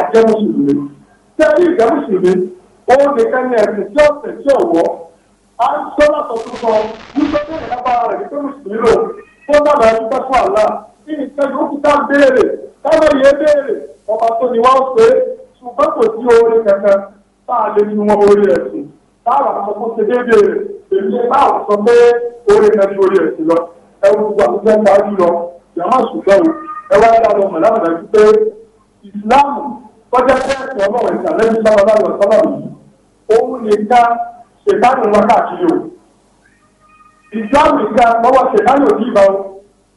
ajẹ́ mùsùlùmí tẹ́tí ìjẹ́ mùsùlùmí òun nìkan ní ẹ̀sìn tí ó sì tí ò wọ́ a ń sọ látọ̀ tó sọ wípé tí ìyá bá rẹ̀ wípé mùsùlùmí lò tó dábàá ẹni pẹ́ fún àlá kí ni ó ti tá béèrè táwọn yẹn béèrè ọba tó ni wọ́n pé ṣùgbọ́n kò sí oore kankan tá a lè fi wọn orí ẹ̀sìn táwọn àwọn ọmọ ṣe déédéé rẹ̀ èmi báwọn sọ pé oore kan ju orí ẹ̀sìn lọ ẹ̀rù gbàgbọ́ máa ń lọ yàrá ṣùgbọ́n ẹ̀wá ẹ̀dá lọ mọ̀ láwọn ìsìláàmù kọjá pẹ́ẹ́sì ọmọ ìgbà lẹ́yìn sábà láwọn sábà yìí òun lè ka ṣètánù wákàtí o ìsìláàmù ìgbà lọ́wọ́ ṣètánù òbí ìbá o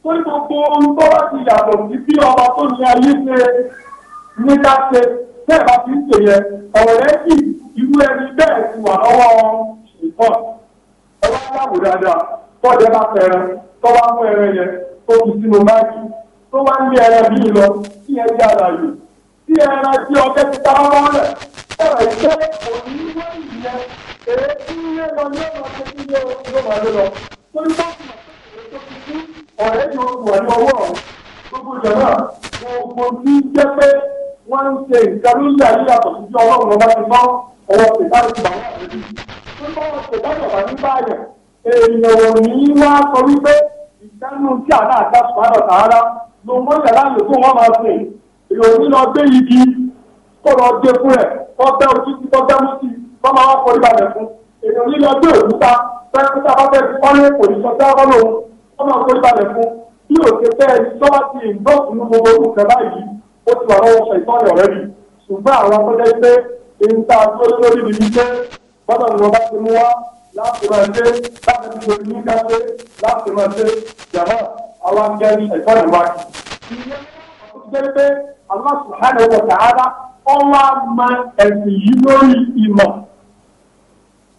tó ní gbogbo ohun tó bá ti yàtọ̀ sí bí ọba tó ní ayé ṣe ní ká ṣe bẹ́ẹ̀ bá ti ń ṣe yẹ ọ̀rọ̀ rẹ̀ sì irú ẹni bẹ́ẹ̀ ti wà lọ́wọ́ ṣètọ́ ọlọ́wọ́ dáadáa tọ́jú bá fẹ́ràn tọ́ mú ẹran yẹn tó fi sínú báyìí tó wá ń gbé ẹran yìí lọ kí ẹ jẹ́ àlàyé tí ẹran tí ọkẹ́ ti ta ọmọ rẹ̀ ẹ̀rọ ìṣe òníwó ìyẹn èyí tí ilé lọ ní ọ̀nà tó ti lé ló máa lé lọ tó ní báyìí tó ti kú ọ̀rẹ́ yóò wọ̀ ní ọwọ́ ọ̀hún gbogbo ìjọba gbogbo tí jẹ́ pé wọ́n ń ṣe nǹkan lórí àyíyàtọ̀ sí ọlọ́run ọba ti mọ́ ọwọ́ ṣèkáàtì bàbá rẹ̀ bí. tó sẹ́nu tí àná àgbà sùpàdà tààrà ló ń gbọ́dọ̀ láàyè fún wọn máa sìn èèyàn ní lọ gbé igi kó lọ dé fún ẹ̀ kọ́ bẹ́ ojú tí kọ́ bẹ́ mú sí kọ́ máa wá kọ́ ìbàdàn fún èèyàn ní lọ gbé òkúta pẹ́kúta bá fẹ́ẹ́ fi kọ́lé kò ní sọ sẹ́wọ́n lòun kọ́ máa kọ́ ìbàdàn fún bí òkè bẹ́ẹ̀ ni tọ́wọ́ ti ìgbọ́kùn ní gbogbo olùkẹ́ báyìí ó ti wà lọ́wọ́ sọ ìtọ́ni ọ̀rẹ́ mi ṣùgbọ́n àwọn akọ́jẹ́ pé èyí a tó lórí mi ní pé bọ́dọ̀ ni wọ́n bá ti mú wá láti máa ṣe láti fi ṣe ní káṣe láti máa ṣe jàmọ́ àwọn akẹ́rin ẹ̀fọ́ ìwádìí. ìyẹn ló ti jẹ́ pé Allah subhanahu wa ta'ala ọwọ́ ma ẹ̀sìn yìí lórí ìmọ̀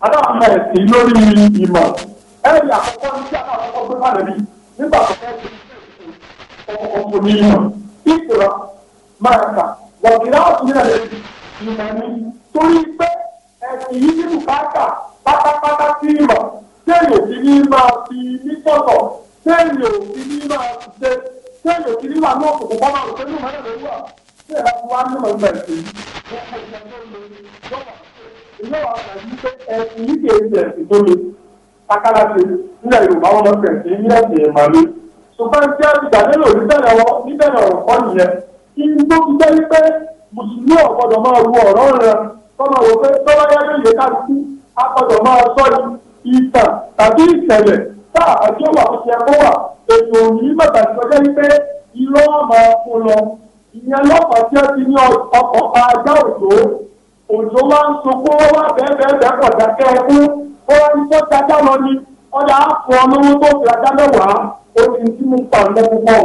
aláàmà ẹ̀sìn lórí ìmọ̀ ẹ̀rí àkọ́kọ́ ní tí a bá kọ́kọ́ gbé bí nígbà tó fẹ́ ṣe ọkọ̀ ní ìmọ̀ ìtura máa kà wọ̀gìrá ọ̀sùn nílẹ̀ lẹ́yìn ìmọ̀ ni torí pé ẹ̀sìn yìí ní bùkátà pátápátá sí ìmọ̀ téèyàn ti ní máa fi ní sọ̀tọ̀ téèyàn ò fi ní máa fi ṣe téèyàn ò fi ní máa ní òkùnkùn kọ́ máa rò pé ní ìmọ̀ ẹ̀rọ wà tí ẹ̀rọ ti wá ní ìmọ̀ ìgbà ìṣèlú gbogbo ìgbà tó le lọ́wọ́ ìlú àwọn àgbà yìí pé ẹ̀sìn yìí kìí ṣe ẹ̀sìn tó le takala ṣe nílẹ̀ Yorùbá wọn lọ fẹ̀sìn ní ẹ̀sìn ìmàlú ṣùgbọ́n tí a ti dàdérò níbẹ̀rẹ̀ wọn níbẹ̀rẹ̀ ọ̀rọ̀ kọ́ nìyẹn kí n tó fi jẹ́ wípé mùsùlùmí ọ̀gbọ́dọ̀ máa ru ọ̀rọ̀ rẹ̀ kọ́ máa wọ pé tọ́lá yá lóye ká kú a gbọ́dọ̀ máa sọ ìtàn tàbí ìṣẹ̀lẹ̀ tá àjọ wà kó ṣe kó wà ètò òní mẹ́ta ìkọjá wípé irọ́ máa kó lọ ìyẹn lọ́pàá tí a ti ní ọkọ̀ ajá òjò òjò máa ń sunkún ó wà bẹ́ẹ̀ bẹ́ẹ̀ bẹ́ẹ̀ pọ̀ dákẹ́ ẹkú ó wá ní kó dájá lọ ni ọ̀dà á fọ lówó tó fi ajá mẹ́wàá ó ti ń tí mo pa ọ̀dọ́ púpọ̀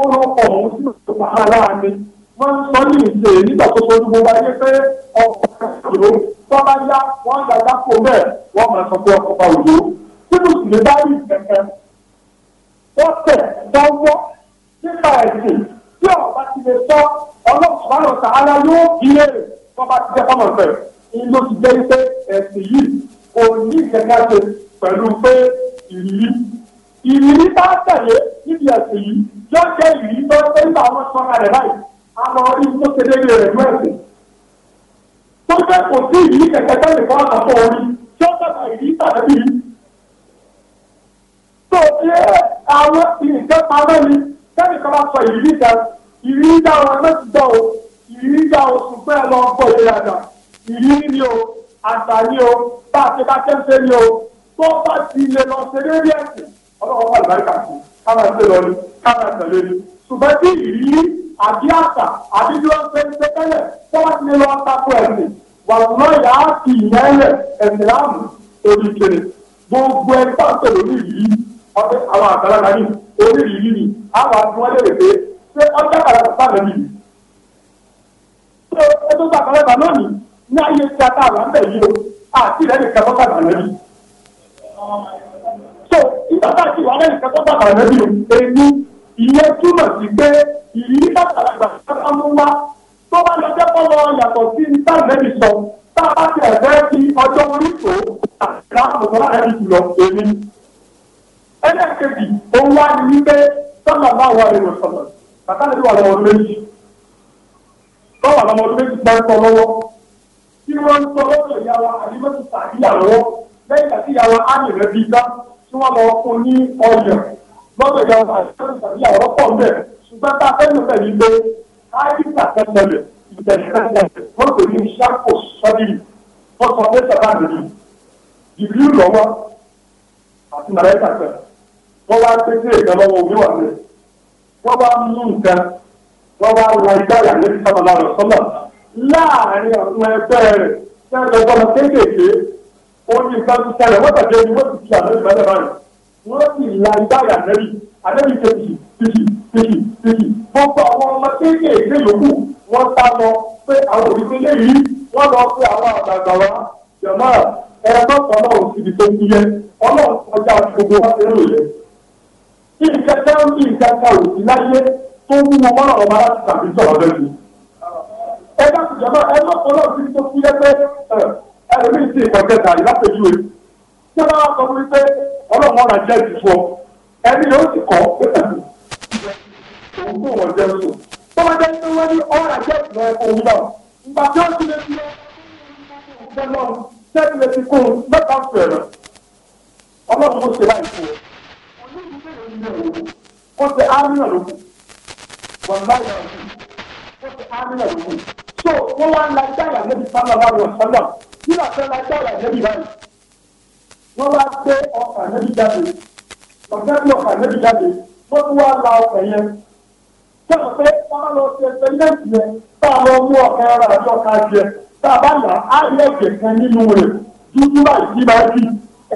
ó lọ pọ̀ òun sí ìpàhálà mi sọ ní ìṣe nígbà tó sojú gbogbo ayé pé ọkọ̀ ìṣòro tọ́ba yá wọ́n yà yá kó mẹ́ẹ̀ wọ́n máa sọ pé ọkọ̀ bá òjò tí mùsùlùmí bá rí kẹ̀kẹ́ wọ́n tẹ̀ tọ́wọ́ nípa ẹ̀sìn tí ọba ti lè sọ ọlọ́pàá lọ sàárà yóò bí èrè tọ́ba ti jẹ́ fọ́mọ̀fẹ́ ló ti jẹ́ pé ẹ̀sìn yìí kò ní kẹ̀kẹ́ ṣe pẹ̀lú pé ìrírí ìrírí bá tẹ̀lé níbi ẹ̀sìn yìí yóò jẹ́ ìrírí tó ń tẹ́lẹ̀ àwọn sọ́ra rẹ̀ báyìí àwọn orí tó ṣe déédéé rẹ̀ mú ẹ̀sìn tó fẹ́ kò sí ìrírí kẹ̀kẹ́ tẹ́lẹ̀ fún àkàtọ̀ orí tí ó tẹ̀lé ìrírí tàbí ìrírí. tó o ti àwọn ìrìnkẹ́ pamẹ́ ni tẹ́lẹ̀ kan bá sọ ìrírí ga ìrírí ga wọn ẹgbẹ́ dán o ìrírí ga o ṣùgbọ́n ẹ lọ gbọ́ ìrírí àgbà ìrírí ni o àgbà ni o bá a ti bá kẹ́ńtẹ́ ni o tó bá ti lè lọ ṣe lórí ẹ̀sìn ọlọ́wọ́ wà lálẹ́ kàkú kára ṣe lọ ni kára tẹ̀lé ni ṣùgbọ́n tí ìrírí àbí àṣà àbí bí wọ́n ṣe ń ṣe tẹ́lẹ̀ tó bá ti lè lọ tako ẹ̀sìn wàlúwà yà á fi ìyẹ́lẹ̀ ẹ̀sìlámù orí kiri gbogbo ẹ̀ bá tẹ̀lé orí yìí ọdún àwọn àgbàlagbà ní orí yìí ni àwọn àti wọn lè pé ṣé ọjọ́ àgbàlagbà sábẹ̀ mi yìí ṣé ọjọ́ àgbàlagbà náà ni ní ayé tí a tààrà ń bẹ̀ yìí o àti rẹ̀ nìkan tó tààrà rẹ̀ yìí. so ìgbà tá a ti wà rẹ̀ nìkan tó tààrà rẹ̀ yìí o èmi ìyẹn túmọ̀ sí pé ìyí bàtàlàgbà tó tó bá lọ jẹ́ kọ́lọ́ yàtọ̀ sí táìlẹ́bì sọ tá a bá ti ẹ̀fẹ́ fi ọjọ́ orí tó àtìká àtọ̀tọ̀ láti fi lọ èmi. ẹlẹ́ẹ̀kejì òun wá ní wípé sọ́nà bá wà lè sọ̀rọ̀ bàtà lè wà lọ́wọ́ méjì lọ́wọ́ àwọn ọmọdé méjì máa ń sọ lọ́wọ́ kí wọ́n ń sọ lọ́wọ́ ìyàwó àdìmọ́tò sàdíyà lọ́wọ́ lẹ́yìn àti ìyàwó àmì rẹ̀ bí dá tí wọ́n lọ fún ní ọyàn lọ́wọ́ ìyàwó àdìmọ́tò sàdíyà lọ́pọ̀ ń bẹ̀ ṣùgbọ́n tá a fẹ́ lọ́pẹ̀ yìí pé káyíkà tẹ́lẹ̀ ìtẹ̀sílẹ̀ wọ́n pè ní ṣàkó sọ́dìrì wọ́n sọ pé sábà nìyí ìlú lọ́wọ́ àti màláìkà pẹ̀ wọ́n wá pé sí èdè lọ́wọ́ òbí wà lẹ̀ wọ́n wá mú nǹkan wọ́n wá la ìgbáyà lẹ́sí sábà lọ́rọ̀ sọ́lá láàárín àwọn ẹgbẹ́ rẹ̀ sẹ́yìn lọ́wọ́ kéékèèké ó ní ìgbàlú sẹ́lẹ̀ wọ́n tàbí ẹni wọ́n ti fi àlọ́ ìgbàlẹ̀ báyìí wọ́n sì la ìbáyà ànẹ́bí ànẹ́bí tẹ̀sí tẹ̀sí tẹ̀sí tẹ̀sí gbogbo àwọn ọmọ kéékèèké yòókù wọ́n sá lọ pé àwọn òbí lè yí wọ́n lọ pé àwọn àgbààgbà wa jẹ̀mọ́ ẹ̀rọ kọ́nà òsibí tó ti yẹ ọlọ́run kọjá gbogbo wa lérò yẹ. kí nǹkan tẹ́ ń bí nǹkan ká òsì láyé tó mú wọn wọ́n ọ̀rọ̀ máa tàbí sọ̀rọ̀ bẹ́ẹ̀ ni. ẹ dákun jẹ̀mọ́ ẹ̀rọ kọ́nà òsibí tó ti yẹ pé ẹ̀rọ mi ti ìkọ̀kẹ́ta ìlàpẹ̀jú ọlọ́run ọ̀rọ̀ ajá ti fọ ẹni yóò sì kọ́ pẹ̀lú òun tó wọ́n jẹ́ sùn tó wọ́n jẹ́ pé wọ́n ní ọ̀rọ̀ ajá ti lọ ẹ̀kọ́ òun náà ìgbà tí ó ti lè fi ọ̀rọ̀ náà sẹ́ni lè fi kó un mẹ́ta fẹ̀rẹ̀ ọlọ́run ó ṣe láì fún ọ ó ṣe ámìnà lókun wọn láyà lókun ó ṣe ámìnà lókun so wọ́n wá ń la jáyà lẹ́bi sálà wà lọ sálà nígbà tí wọ́n la jáyà lẹ́bi báyìí wọ́n wá gbé ọkọ̀ ànábì jáde ọ̀gá bí ọkọ̀ ànábì jáde wọ́n tún wá la ọkọ̀ yẹn sọ̀rọ̀ pé wọ́n bá lọ sí ẹgbẹ́lẹ́sì yẹn tá a lọ mú ọkọ̀ ara àti ọkọ̀ ajẹ tá a bá nà á rí ẹ̀jẹ̀ kan nínú rẹ̀ dúdú báyìí bá rí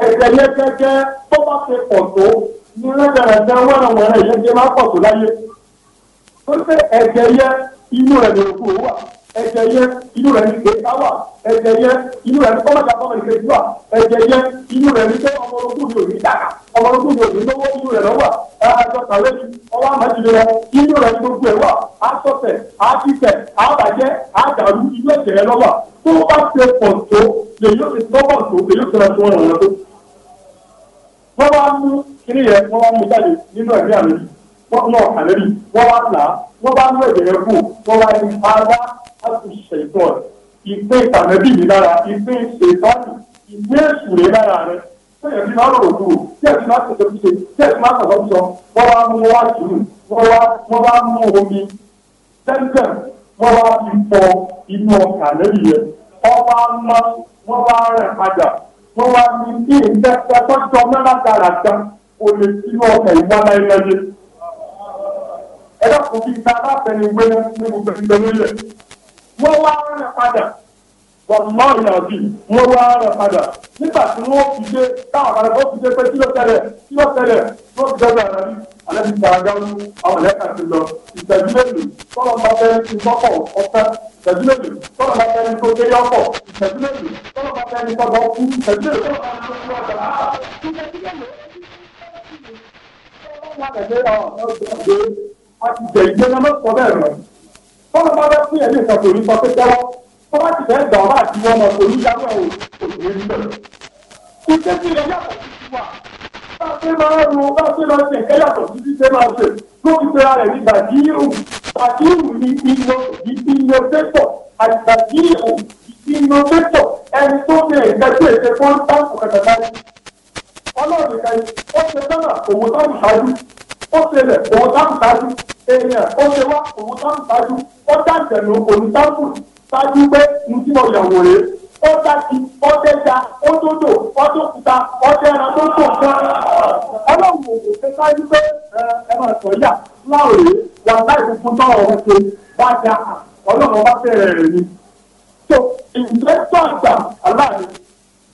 ẹ̀jẹ̀ yẹn gẹ́gẹ́ tó bá ṣe pọ̀ tó ní rẹ́gbẹ̀rẹ̀gbẹ̀ wẹ́rẹ̀wẹ̀rẹ̀ yẹn jẹ́ máa pọ̀ tó láyé tó ṣe ẹ̀jẹ̀ yẹn inú rẹ̀ lè kú òwúwà ẹ̀jẹ̀ yẹ inú rẹ̀ ní pé ká wà ẹ̀jẹ̀ yẹ inú rẹ̀ ní kọ́mọ̀tà fọmọ ìfẹ́ ìlú à ẹ̀jẹ̀ yẹ inú rẹ̀ ní pé ọmọ orogún mi ò ní dàgbà ọmọ orogún mi ò ní lówó inú rẹ̀ lọ́wọ́ àjọ kàwé ni ọwọ́ àmàjìlẹ̀ rẹ̀ inú rẹ̀ ní gbogbo ẹ̀ wà àtọ̀tẹ̀ àtìtẹ̀ àbàjẹ́ àdàlú inú ẹ̀jẹ̀ rẹ̀ lọ́wọ́ tó bá ṣe pọ̀ tó lèyí ó ti tọ́ pọ̀ tó lèyí ó ti rẹ̀ tó rẹ̀ wọ́n tó wọ́n wá mú kiri yẹn wọ́n wá mú jáde nínú ẹ̀mí àmì wọ́n náà àlẹ́ yìí wọ́n wá là wọ́n bá mú ẹ̀jẹ̀ yẹn kú láti ṣètò ẹ̀ ìpín ìtànẹ́bí mi lára ìpín ìṣèpáàlì ìpín èṣù rẹ̀ lára rẹ̀ sẹ́yìn bí máa ń rò kúrò tẹ́ẹ̀ tí máa tẹ̀sọ́ ṣe tẹ́ẹ̀ tí máa tẹ̀sọ́ sọ wọ́n wá mú wá sùúrù wọ́n wá wọ́n wá mú omi tẹ́ńtẹ̀ wọ́n wá fi fọ inú ọkà lẹ́yìn yẹn wọ́n wá mọ́ wọ́n wá rẹ̀ padà wọ́n wá ní kí ìtẹ́tẹ́ tọ́jọ́ mẹ́ta dára tán o lè sínú ọkà ìwá láyé lẹ́yìn. ẹ ta bá fẹ́ni wé ní gbogbo ìgbẹ́ wọ́n wá rẹ̀ padà wọ́n mọ́ ìyànjú wọ́n wá rẹ̀ padà nígbà tí wọ́n fi dé táwọn àgbàdo wọ́n fi dé pé kí ló tẹ̀lé kí ló tẹ̀lé wọ́n fi dọ́gba ẹ̀rọ ní alẹ́ ti gbàgbá dáwọ́ àwọn ẹ̀ka ti lọ ìtẹ̀jú mélòó tọ́lọ́ bá bẹ́ẹ̀ ti mọ́kọ̀ ọ̀fẹ́ ìtẹ̀jú mélòó tọ́lọ́ bá bẹ́ẹ̀ tó dé yọ̀kọ̀ ìtẹ̀jú mélòó tọ́lọ́ bá bẹ́ẹ̀ tó bọ́ kú ìtẹ̀jú mélòó tọ́lọ́ bá bẹ́ẹ̀ tó tọ́lọ́ bá fẹ́ fún yẹn ní nǹkan kò ní sọ pé tẹ́wọ́ tó bá ti fẹ́ gbà ọ́ láti wọ́n mọ̀ kò ní yàwó ẹ̀ òṣèré níbẹ̀. iṣẹ́ tí ilẹ̀ yàtọ̀ sí ti wà bá a ṣe máa ń ro bá a ṣe máa ń ṣe nǹkan yàtọ̀ sí ti ṣe máa ṣe ló fi ṣe ara rẹ̀ ní bàdírù bàdírù ní ino innovator àti bàdírù innovator ẹni tó ṣe ìgbẹ́jọ́ ètò fún táàkù kàkàkà ọlọ́run kan ó ṣe sọ́nà òwò táàkù ṣáájú ó ṣẹlẹ̀ òwò táàkù ṣáájú èèyàn ó ṣe wá òun tán ṣáájú ó dàgbẹ̀nu òun tán kù ṣáájú pé mo ti mọ ìyàwó rèé ó dákì ó dẹ́ja ó dódò ó dókúta ó dẹ́ra tó tó ọlọ́run ò ṣe ṣáájú pé ẹ máa sọ yà láò rèé wà láì funfun tọ́ ọ̀rọ̀ ṣe bá ja ọlọ́run ọba fẹ́rẹ̀ rẹ̀ ni. so ìgbésọ̀ àgbà aláàrẹ̀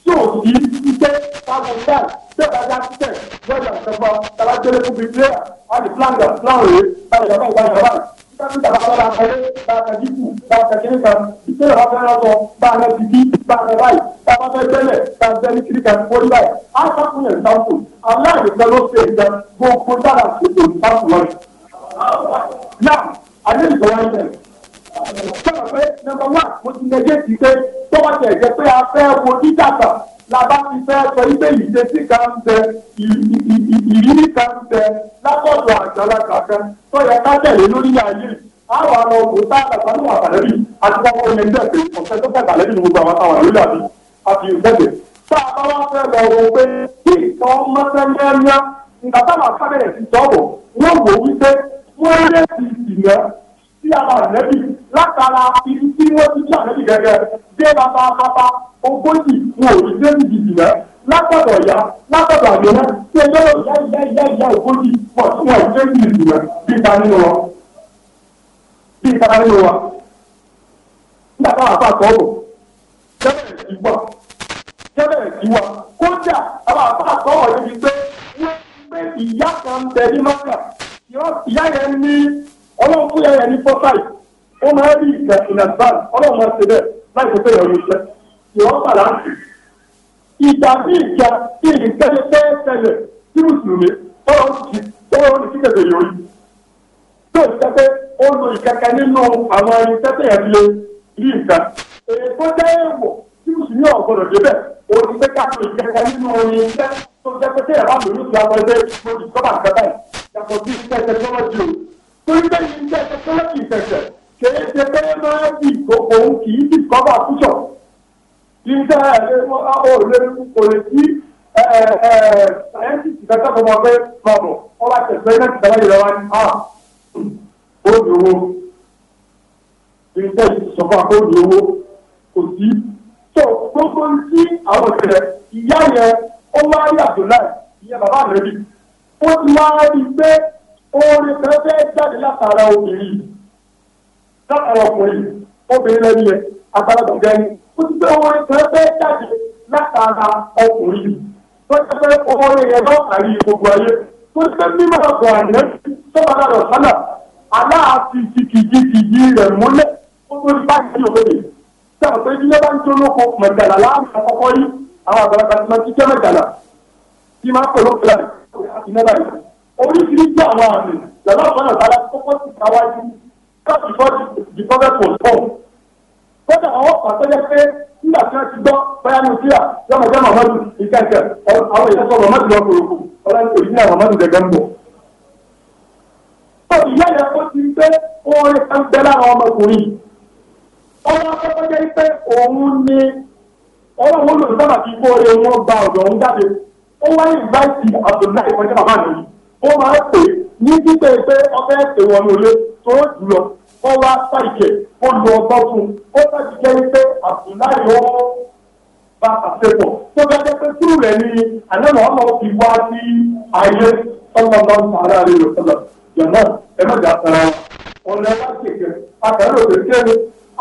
tí ò ní iṣẹ́ táwọn náà tẹ̀ka já sísẹ̀ lọ́jà ìṣẹ̀fọ́ tàbá tẹ́lẹ̀ fún bíi pílẹ̀ àti fúlàǹgà fúlàǹrè báyìí lọ́kọ̀ ìgbà yàrá báyìí tàbá tàbá tàbá tẹ̀lé tàbá tẹ̀lé kù tàbá tẹ̀lé kan ìṣẹ̀lẹ̀ bá fẹ́ lọ́sọ bá a lọ sí bí bá a lọ báyìí tàbá fẹ́ tẹ́lẹ̀ tàbá tẹ́lẹ̀ kiri kan wọlé báyìí á sàkún yẹn sáfù aláàbẹ̀ kan ló ṣe ìjà gbogbo dára sípò sáfù lọ́rẹ̀. náà àdéhùn sọ̀rọ̀ ẹ̀ tó bá tẹ̀ jẹ́ pé a fẹ́ wo dídàgbà la bá ti fẹ́ sọ ibẹ̀ ìṣesí kan ń bẹ ìrírí kan ń bẹ lápọ̀dọ̀ àgbàlagbà kan tó yẹ ká tẹ̀lé lórí ayé àwọn àwọn òkú tá àgbàgbà ní wàhálà lẹ́bi àti wọn kọ́ ẹgbẹ́ pé ọ̀sẹ̀ tó fẹ́ gbàlẹ́ nínú gbogbo àwọn àwọn àlùlà mi àti ìfẹ́gbẹ̀. tá a bá wá fẹ́ lọ wo pé kí ìtọ́ mọ́tẹ́mẹ́ẹ́mẹ́ nígbà táwọn akábẹ̀rẹ̀ ti tọ́ bọ̀ wọ́n wò wípé wọ́n rẹ̀ ti ìsìn náà sí ara ànẹ́bí látara ibi tí wọ́n ti sí ànẹ́bí gẹ́gẹ́ dé bàbá bàbá ogójì wọn ò ní dé níbi ìdìbẹ́ látọ̀dọ̀ ya látọ̀dọ̀ àgbẹ̀wò tí ẹjọ́ yóò yá ìyá ìyá ìyá ogójì wọn tí wọn ò dé níbi ìdìbẹ́ bí ta nínú wọn bí ta nínú wọn. nígbà táwọn àfa kọ́ ọ́ jẹ́bẹ̀rẹ̀ sí wa jẹ́bẹ̀rẹ̀ sí wa kódà àwọn àfa kọ́ ọ́ yẹn ti pé wọ́n ti pé ìyá kan tẹ̀lé mọ́tà ìyá yẹn ní ọlọ́run fún yàrá ní fọ́sáì ó máa rí ìkà ìnàbáàlì ọlọ́run máa ṣe bẹ́ẹ̀ láì tó fẹ́yọ̀ ní iṣẹ́ ìwọ́n padà ń sè. ìgbà bí ìjà kí ìdí tẹ́lẹ̀ tẹ́lẹ̀ tẹ́lẹ̀ tí mùsùlùmí tọ́wọ́ ti tọ́wọ́ ní kíkẹ́tẹ̀ yọrí. tó ìjẹ́ pé ó lo ìkẹ́kẹ́ nínú àwọn ẹni tẹ́tẹ̀ yẹn lé rí nǹkan. èyí tó jẹ́ èèwọ̀ tí mùsùlùmí ọ̀gbọ́dọ̀ débẹ̀ òun ti fẹ́ káàkiri ìkẹ́kẹ́ nínú orin iṣẹ́ tó jẹ́ pé tẹ́yà bá lòlù ti àwọn ẹgbẹ́ ìṣòro ìjọba àgbàdàn yàtọ̀ sí iṣẹ́ tẹkinọ́lọ́jì torí pé yìí jẹ́ tẹkinọ́lọ́jì ìfẹ̀sẹ̀ kìí ṣe pé máa di ìkókò òun kìí di kọ́bà fúṣọ̀ iṣẹ́ ẹ̀rẹ́ òòlé kò lè sí sáyẹ́ǹtì kẹta tó máa fẹ́ máa bọ̀ wọ́n bá tẹ̀sẹ̀ náà ti dáná ìrọ̀lá ní à ó di owó iṣẹ́ ìṣọ̀kan ó di owó kò sí tó gbogbo tí àwọn ìṣẹ̀lẹ̀ ìyá yẹn ó wá rí àjò láì ìyẹn bàbá rẹ̀ bí ó ti wá rí pé orin kan fẹ́ jáde látara obìnrin látara ọkùnrin obìnrin lẹ́nu yẹn agbálagbọ̀ngẹ́ ni ó ti gbé orin kan fẹ́ jáde látara ọkùnrin tó ti fẹ́ orin yẹn náà àrí gbogbo ayé tó ti fẹ́ mímọ́ ọ̀gọ̀ àná tó bá dàrọ̀ sálà aláàfin ti kìjikìji rẹ̀ múlẹ̀ ó tó ń bá ìdí òwe rẹ̀ sábà pé ilé bá ń tó lóko mẹ̀gàlà láàrin àkọ́kọ́ yìí àwọn àgbàlagbà ti máa ti jẹ́ mẹ̀gàlà tí máa pẹ̀lú fúlàní ìnáwó yìí. oríṣiríṣi àwọn àmì lọ́nà fọ́nà sára kókó ti káwájú káàkiri fọ́ọ̀tì ìdíkọ́fẹ́ kò tó. kódà àwọn ọkọ̀ tó yẹ pé nígbà tí wọ́n ti gbọ́ báyà ní síra yọmọdé mamadu ìkẹ́kẹ́ àwọn èèyàn mamadu lọ ọ̀rẹ́ òyìnbó mamadu gẹ́gẹ́ ń bọ̀. tó ìyá ti gbé orin kan ọmọkùnrin jẹ́ pé òun ni ọlọ́run olùsọ́nà ti kó orin wọn ọ̀dọ̀ òun jáde ó ó máa ń pè ní títẹ̀ pé ọbẹ̀ ẹ̀sẹ̀ wọn ló lé tó jùlọ kọ́ wá sáìkẹ̀ ó lu ọgbọ́n fún un ó sáàtì jẹ́ pé Abdullahi ó bá àṣepọ̀ tó bá jẹ́ pé túrú rẹ̀ ni ànámọ̀ ọmọ fi wá sí ayé ọlọ́lọ́ sàárà rẹ̀ ló sọ̀rọ̀ yọ̀nà ẹ̀ mọ̀jà sara ọ̀nà ẹ̀ bá kéèké akẹ́rọ̀ òkè kéèké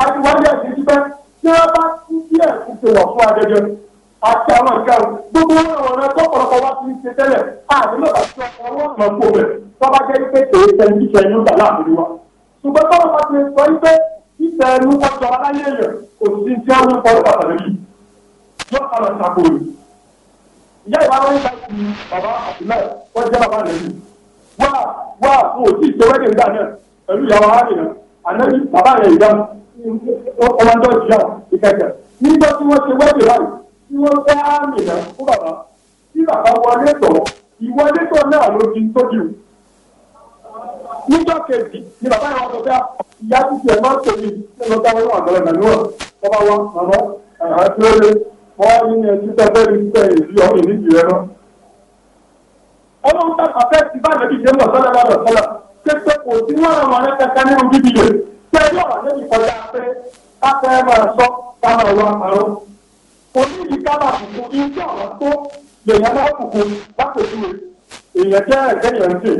àti wáyé àti jíjẹ́ tí wọ́n bá kú díẹ̀ kú ti wọ̀ fún adẹ́jọ́ àti àwọn nǹkan gbogbo wọn àwọn ọ̀nà tọ́pọ̀lọpọ̀ wá sí ṣe tẹ́lẹ̀ àti lọ́ba tí wọn wọ́n mọ̀ kó bẹ̀ tọ́ba jẹ́ pé kèé tẹni títẹ inú gbà láàbùrú wa. ṣùgbọ́n tọ́wọ́ bá ti sọ pé títẹ inú ọjọ́ aláyé yẹn kò sí ti àwọn ọkọ̀ pàtàkì yìí yóò kàlọ̀ ṣàkó rẹ̀. ìyá ìwà wọn gba ìlú bàbá àtìlẹ́ wọ́n jẹ́ bàbá rẹ̀ yìí. wá wá fún òtí ìṣòwẹ́dẹ̀ ńgbà náà pẹ̀lú ìyàwó arábìnrin àná bàbá rẹ̀ ìyá ọmọdé ìyá ìkẹkẹ nígbà tí wọ́n ṣe wẹ́dẹ̀ báyìí tí wọ́n fẹ́ àmì náà fún bàbá tí bàbá wọlé tọ̀ ìwọlé tọ̀ náà ló di tójú. níjọ́ kejì ni bàbá yẹn wọ́n sọ pé ah, ìyá títí ẹ̀ máa ń tóbi ní ọjọ́ táwọn ọ̀nà àgbàlagbà ní wọn bàbá wa màmá àti ọ̀lẹ́ wọ́n á ní ẹni tẹ́ fẹ́ ní tẹ́ ìlú ọ̀hún ìlú ìlú ẹ̀rọ. ọlọ́run tàbí afẹ́ ti bá ìlẹ́bí ìdè mọ̀ sọ́lá lọ́dọ̀ sọ́lá pé pé kò sí wọn àwọn ẹlẹ́kẹ̀kẹ́ nínú bíbí rẹ̀ pé ẹjọ́ àlẹ́ ìkọjá pé ká fẹ́ máa sọ ká máa wá àrùn onídìí kábà kùkù ibi àwọn tó lèèyàn bá kùkù lápèjúwe èèyàn jẹ́ ẹ̀kẹ́yẹ̀ ń tè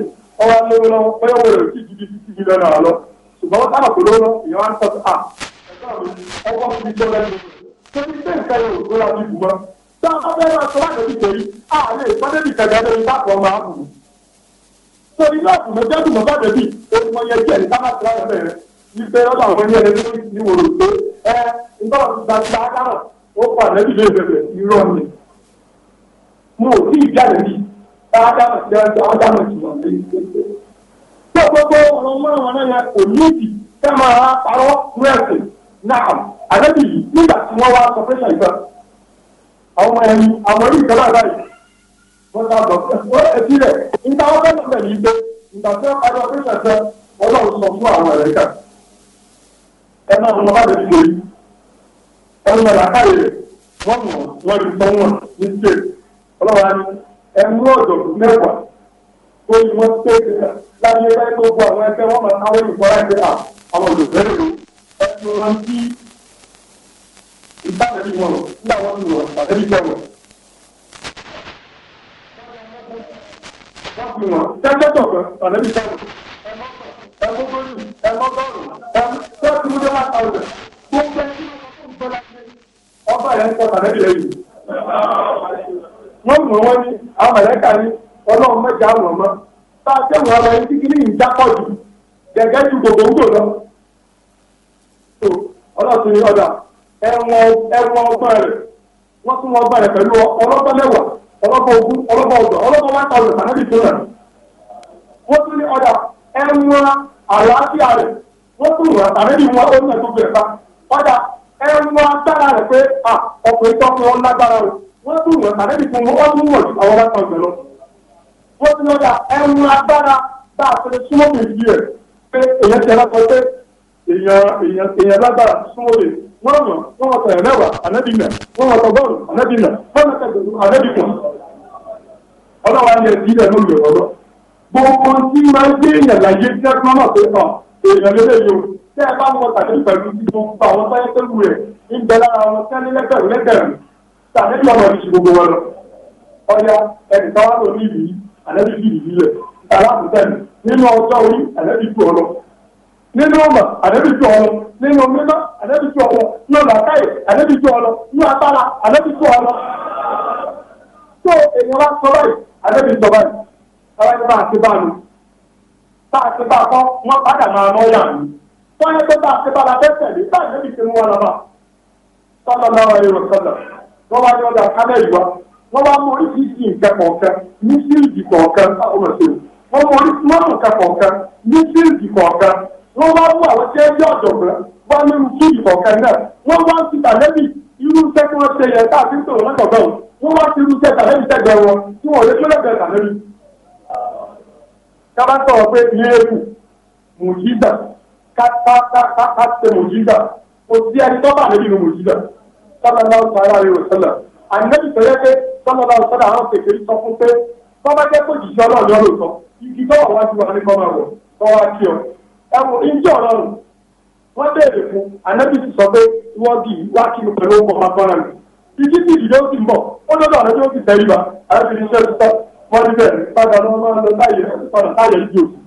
ọwọ́ lówó lọ́wọ́ bóyá wọ́n rẹ̀ sí ibi títí ibi lọ́nà àlọ́ ṣùgbọ́n kábà kò lówó èèyàn wá ń sọ à ẹ̀kọ́ mi tó lẹ́nu tó ní pé nǹkan yóò tó ra bíbu mọ́ tá a fẹ́ máa sọ láti ìgbè yìí a lè sọ́dẹ́ bì kẹ̀kẹ́ lórí bákan máa kù torí náà kùnú jẹ́dùn mọ́ bàbẹ̀ bì òun mọ yẹ díẹ̀ ní sábà tó láyọ̀ bẹ̀rẹ̀ ní pé ọ̀dọ̀ àwọn ẹni ẹni ní wòrò pé ẹ ń bọ̀ gbàgbà dáhùn wọ́n pa ànábì lé ìbẹ̀rẹ̀ irọ́ ni mo ò tí ì jáde rí bá a dáhùn sí ọjọ́ àwọn dáhùn sí wọn lé tó gbogbo ọ̀rọ̀ mọ́ra wọn náà kò níbi ká máa parọ́ ní ẹ̀sìn náà ànábì yìí nígbà tí wọ́n wá sọ pẹ́sà ìgbà àwọn ẹni àwọn orí ìjọba báyìí wọ́n ta bọ̀ ó ẹtí rẹ̀ níta wọ́n fẹ́ẹ́ sọ̀rọ̀ yìí pé nígbà tí wọ́n parí ọpẹ́sà ìgbà ọlọ́run sọ fún àwọn ẹ̀rẹ́kà ẹ máa ń bá lè fi ọ̀nàrà káyèrè wọ́n mọ̀ wọ́n ti sọ wọn ní state ọlọ́wà ni ẹ mú mẹ́wàá tó yí wọ́n state níta láti ẹgbẹ́ tó gbọ́ àwọn ẹgbẹ́ wọn máa káwé ìfọ́ra ẹgbẹ́ à àwọn olùfẹ́ rẹ̀ wọn wọn wọn. wọn ọba yẹn sọ tàbí lẹ́yìn wọ́n mọ̀ wọ́n ní amẹ̀lẹ́kà ní ọlọ́run mẹ́jọ àwọn ọmọ tá a tẹ̀wọ̀n ara ẹni tí kìíní yìí jápọ̀ jù gẹ́gẹ́ ju gbogbo ń dò lọ. ọlọ́run ní ọ̀dà ẹ̀wọ̀n ọgbọ́n rẹ̀ wọ́n tún ọgbọ́n rẹ̀ tó tún àlàáfíà ẹ wọ agbára rẹ̀ pé ọkùnrin tó fún ọ lágbára o wọ́n tún wọ̀ tàbí fún wọn tún wọ̀ ju àwọn bá tàn jùlọ. wọ́n ti lọ́dà ẹ wọ agbára bá a fẹ́rẹ̀ súnmọ́ mi yí ẹ̀ pé èyàn ti ẹ̀rọ sọ pé èyàn lágbára súnmọ́ mi wọ́n mọ̀ wọ́n mọ̀ sọ̀rọ̀ mẹ́wàá ànábì nà wọ́n mọ̀ sọ̀gbọ́n ànábì nà wọ́n mọ̀ sọ̀gbọ́n ànábì nà. ọlọ́wà ni ẹ̀ èèyàn lélẹ́yìí o tẹ́ ẹ bá mọ tàbí pẹ̀lú títún bá àwọn sáyẹ́ pẹ̀lú rẹ̀ ń bẹ lára wọn sẹ́ni lẹ́gbẹ̀rún lẹ́gbẹ̀rún tàbí ìwà ọmọ ìṣù gbogbo wọn lọ. ọ̀yà ẹnì kan wá lọ ní ìlú àlẹ́bí fi ìlú rẹ̀ aláàbùsẹ̀ni nínú ọjọ́ orí àlẹ́bí fi ọlọ. nínú ọmọ àlẹ́bí fi ọlọ nínú mímọ́ àlẹ́bí fi ọlọ nínú làkàyè àlẹ́bí fi ọlọ nínú agbára àlẹ́bí fi ọlọ. tó èèyàn wá sọ báyìí àlẹ́bí sọ báyìí bá a ti bá a kọ́ wọ́n padà máa mọ́ yàn mí wọ́n yẹ pé bá a ti bá a tẹ́tẹ̀ lé báyìí lóbi ti mú wọn lọ́wọ́ sọ́dọ̀ lọ́wọ́ ẹ̀rọ sọ́dọ̀ wọ́n wá ní ọ̀dà abẹ́ ìwà wọ́n wá mú oríṣiríṣi nǹkan kọ̀ọ̀kan ní síìdì kọ̀ọ̀kan ọmọ sí wọ́n mú oríṣiríṣi nǹkan kọ̀ọ̀kan ní síìdì kọ̀ọ̀kan wọ́n wá mú àwọn tí ẹ jẹ́ ọ̀jọ̀gbọ́n wọ́n mú síìdì kọ̀ọ̀kan náà wọ́n wá ń ti tàlẹ́bì irú iṣẹ́ tí wọ́n ṣe yẹn tá tòun lọ́kọ̀ọ̀kan wọ́n wá ti irú iṣẹ́ tàlẹ́bì tẹ́gbẹ̀ẹ́ wọn tí wọ́n yẹ tó lẹ́gbẹ̀ẹ́ tàlẹ́bì kábà sọ̀rọ̀ pé mẹ́rù mùjíza kápákápákápẹ́ mùjíza kò sí ẹni tó bá ànábì ní mùjíza sọ́nàlá ọ̀sára rẹ̀ òṣèlè ànábì tó yẹ pé sọ́nàlá ọ̀sára àwọn kékeré sọ fún pé tọ́ba jẹ́ pé jìṣẹ́ ọlọ́ọ̀dọ́ ló sọ igi tó wà wájú wa ní kọ́mà wọ̀ tọ́wọ́ á kí ọ ẹ̀wọ̀n ìjọ ọlọ́run wọ́n béèrè fún ànábì sọ pé wọ́n di wá kí mi pẹ̀lú ọkọ̀ máa bọ́ra mi ìdí wọ́n ti bẹ̀rẹ̀ padà lọ́wọ́ máa lọ táyé padà táyé ju òkú.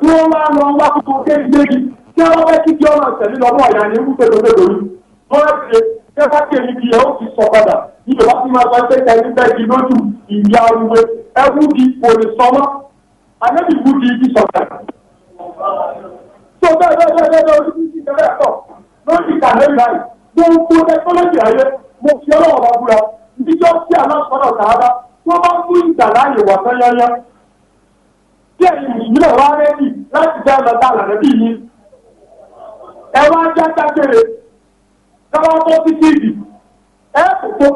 tí wọ́n máa lọ wá kókó kéjìléjì tí wọ́n fẹ́ kí kí ọ̀nà tẹ̀lé lọ́wọ́ àyà ni ewu tẹ̀lé lórí wọ́n ti ṣe fẹ́ kéde kí ẹ̀ ó ti sọ padà ibẹ̀ wá sí máa sọ pé ẹni bẹ́ẹ̀ di lójú ìyá oruwe ẹwú di òní sọmọ́ àlẹ́bí wú di ibi sọ̀tà. tó bẹ́ẹ̀ bẹ́ẹ̀ bẹ́ẹ̀ bẹ́ẹ̀ orí ti ṣe bẹ́ẹ̀ pọ̀ lórí ìkàlẹ́ ìbáyìí gbogbo tẹkinọ́lọ́jì ayé mo fi ọlọ́wọ́ bá búra níjọ́ tí àlọ́ sọ́dọ̀ sàádá wọ́n bá mú ìgbà láàyè wà tán yányá tí ẹ̀yin náà wá láti jẹ́ ọ̀nà tá àlàyé bí yìí ẹ wá jẹ́ jákèrè káwá bọ́ sí tíìdì ẹ kòkó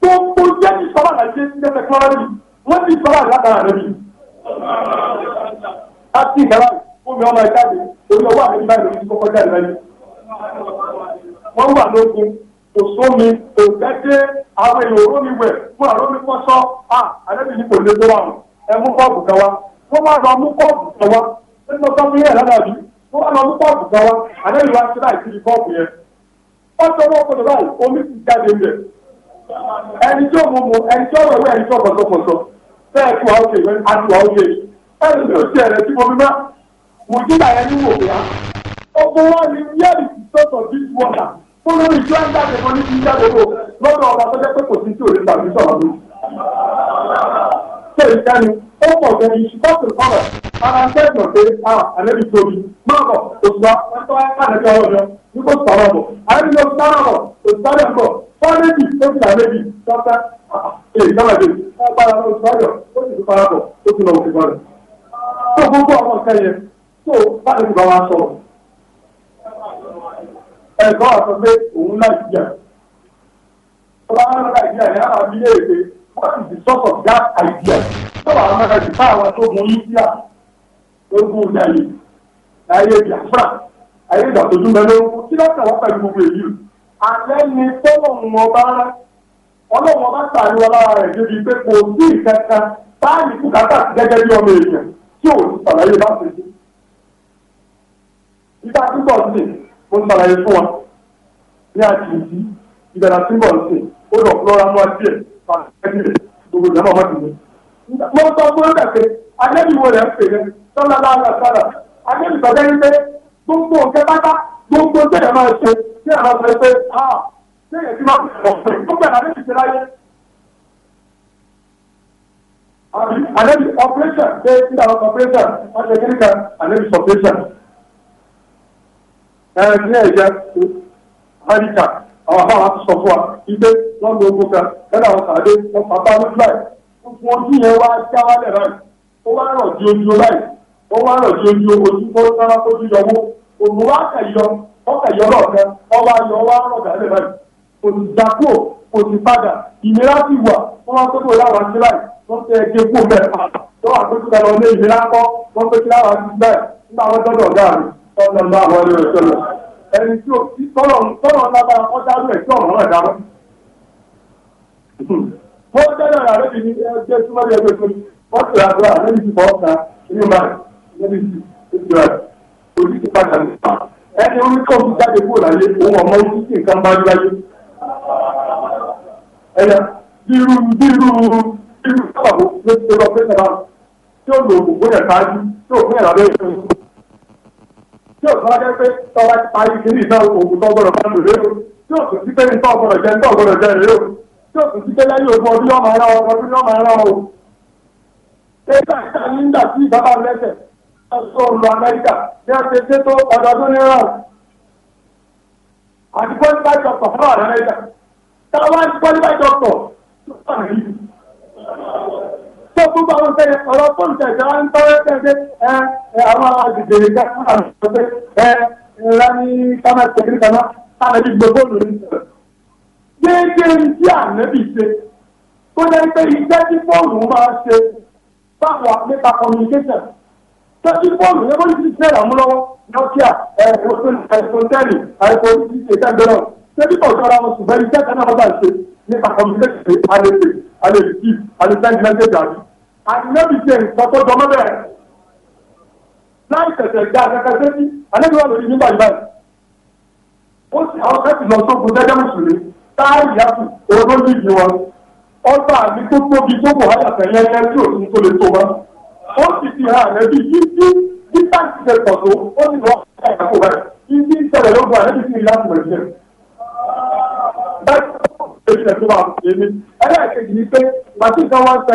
gbogbo jẹ́ ní sọ́wọ́ àlàyé jẹ́ tẹkinọ́lọ́jì wọ́n ti sọ́wọ́ rẹ̀ a ti ìgbà fún mi ọmọ ìjáde ọwọ́ kò sómi kò dẹ́dẹ́ àwọn èèyàn olómi wẹ̀ fún àlómi kọ́sọ́ à àlẹ́bí ni kò lè tó àrùn ẹ mú kọ́ọ̀bù kan wá wọ́n máa lọ mú kọ́ọ̀bù kan wá nínú ọjọ́ fún yẹn ládàbí wọ́n máa lọ mú kọ́ọ̀bù kan wá àlẹ́bí wa ti láì síbi kọ́ọ̀bù yẹn wọ́n tó wọ́n kọ́tọ̀ báyìí omi ti jáde ńlẹ̀ ẹni tó mú mu ẹni tó wẹ̀ wẹ̀ ẹni tí mo fi má mo wa ni yẹ́rì tó sọ̀tọ̀ bí wọ́n fúnmi ìjọ ń jáde kan ní ìjà gbogbo lọ́dọ̀ ọba tó jẹ́ pé kò sí tí òun gbà mí sọ̀rọ̀ mi. ṣé ìjánu ó pọ̀ gẹ́gẹ́ ìṣùkọ́ sí ọ̀rọ̀ ara ń tẹ̀sán pé a ah, àlẹ́bí tóbi máa bọ̀ òṣùwà ẹ̀tọ́ àlẹ́bí ọ̀rọ̀ yẹn ní kò sọ̀rọ̀ bọ̀ àlẹ́bí ló sọ̀rọ̀ bọ̀ òṣùwàlẹ̀ bọ̀ fọ́lẹ́bì ó ti àlẹ́bí sọ́tà èyí sábà dé ọgbàrá òṣùwàlẹ̀ ó ti fara bọ̀ ó ti lọ òṣùwà rẹ̀. tó gbogbo ọmọ kẹyẹ ẹ̀kọ́ àtọ́ òun nàìjíríà ọba nàìjíríà ní àwọn abílẹ̀ èdè what is the source of that idea sọ́wọ́ àwọn ọmọ ẹ̀sìn fáwọn tó gun india ogun ìdàlẹ̀ ayé biafra ayé ìdàtọ̀jú mẹ́lẹ́ ogun kí lọ́sẹ̀ wọ́n pẹ̀lú gbogbo èyí alẹ́ ni tọ́lọ́hún ọba ọlọ́run ọba tààrí wọn lára rẹ̀ débi pé kò sí ìkẹta bá mo ń ṣàlàyé fún wa ní àtìsí ìgbàlá tí mò ń sè ó lọ lọ́ra mú àti ẹ̀ pàṣẹ gbogbo ìjọba ọmọdé mi. mo sọ fún ẹ kàkẹ́ anẹ́bíwò rẹ̀ ń pè é sọ́lá lára sára anẹ́bíwò rẹ̀ ń pè é gbogbo nǹkan pátá gbogbo tẹ̀lé máa ṣe tí a ọmọ ẹgbẹ́ ha lẹ́yìn tí wọ́n fẹ́ gbogbo ẹ̀ àlejò ti láyé. àlejò operation dé a àwọn operation wọ́n ṣe kíríkà àlejò operation ní ẹ̀jẹ̀ amẹ́ríkà àwọn afáwọn sọ fún wa ilé lọ́nà ogun kan lọ́nà àwọn sàdé wọn pàpà ní fúláì wọn ojú yẹn wá já wálẹ̀ báyìí ó wá rọ̀ di ojú báyìí ó wá rọ̀ di ojú ojú tó sára tó ti yọwọ́ òun wá kẹ̀yọ ọkẹ̀yọ lọ́ọ̀kan ọba yọ wá rọ̀ dálẹ̀ báyìí kò sì dákúrò kò sì padà ìnira ti wà wọn wá pépè láwọn ti láì wọn tẹ ẹgbẹ́ kó mẹ́ta lọ́wọ́ àpótí kan lọ lé ìnira kọ́ wọn pépè láwọn ti bẹ́ẹ̀ nígbà wọn dọ́dọ̀ ọ̀gá rẹ̀ sọ́nà bá àwọn ẹni rẹ̀ sọ́nà ẹni tí ó ti tọ́lọ̀ tọ́lọ̀ lágbára kọ́ dárú ẹ̀ tí ọ̀rọ̀ rẹ̀ dáwọ́. wọ́n dẹ́rẹ̀ rà lẹ́bi ní ẹgbẹ́ súnmọ́lẹ̀ ẹgbẹ́ tó ní wọ́n ti ràdúrà lẹ́bi ti fọ́ọ̀ta inú ma lẹ́bi ti ti rà orí ti padà ní. ẹni orí kọ́ ti jáde kúrò láyé òun ọmọ orí ti nǹkan bá ń láyé. ẹ̀yà bírú bírú bírú sábàbò ló ti lọ pé sábà tí ó lò òògùn yẹn ṣáájú tí òògùn yẹn tí o sọ jẹ́ pé tọ́wá ti parí kiri náà òògùn tó gbọ́dọ̀ fẹ́ lò léwu tí o sùn sí pé nítorí ọgbọ́dọ̀ jẹ́ nítorí ọgbọ́dọ̀ jẹ́ léwu tí o sùn sí pé lẹ́yìn ogun ọdún yọ̀mọ̀ ẹ̀rọ ọdún yọ̀mọ̀ ẹ̀rọ o. ẹgbẹ́ ìta ní nígbà tí ìjọba lẹ́sẹ̀ ọ̀sọ̀ lu Amẹ́ríkà ní ọ̀sẹ̀ ṣe tó ọ̀dọ̀dún ní ràn. àti pọ́lípà dọ́kítọ̀ fún ọ̀rẹ́ Amẹ́ríkà táwọn pọ́lípà dọ́kítọ̀ tó gbogbo àwọn ṣe ọ̀rọ̀ fóònù ṣẹ̀ṣẹ̀ wá ń tọ́wọ́ ṣẹ̀ṣẹ̀ ẹ àwọn àgbègbè ìgbà fún àwọn ọ̀ṣẹ́ ẹ ńlá ní kámá ṣẹ̀ṣẹ̀ kámá ànábì gbogbo ló ń sọ̀rọ̀. déédéé ń tí ànábì ṣe tó jẹ́ pé iṣẹ́ tí fóònù máa ṣe báwọn nípa communication tó tí fóònù yẹn bóyá ti ṣe ìrànlọ́wọ́ Nokia ẹ̀ẹ́dẹ̀ẹ́dẹ̀ tẹ́lẹ̀ àìkọ́ni ti ṣe ìtẹ́gbẹ́rọ̀ ṣébí kò sọ́ra wọn ṣùgbọ́n iṣẹ́ kan náà wọ́n bá ṣe nípa communication alẹ́ alẹ́ kí alẹ́ send message anabi jẹ nǹkan tó jọmọ́ bẹ́ẹ̀ láì tẹ̀sẹ̀ gba àkàkà sẹ́ni anabi wà lórí nígbà yìí báyìí ó sì àwọn kẹ́sì lọ sógun gẹ́gẹ́ mùsùlùmí táàrí yàtù olóyún yìí wọn ọba mi tó tóbi tó bò wáyà tẹ̀yẹ́ yẹn tí òsì tó lè tó wọn ó sì fi hàn anabi títí títà ti tẹ̀ pọ̀ tó ó sì lọ́ọ́ ká ìyàwó rẹ̀ títí ìṣẹ̀lẹ̀ lógun anabi sì ń láti mọ̀ oṣù tó wà ṣe ní. ẹlẹ́ẹ̀kejì àwọn tí àwọn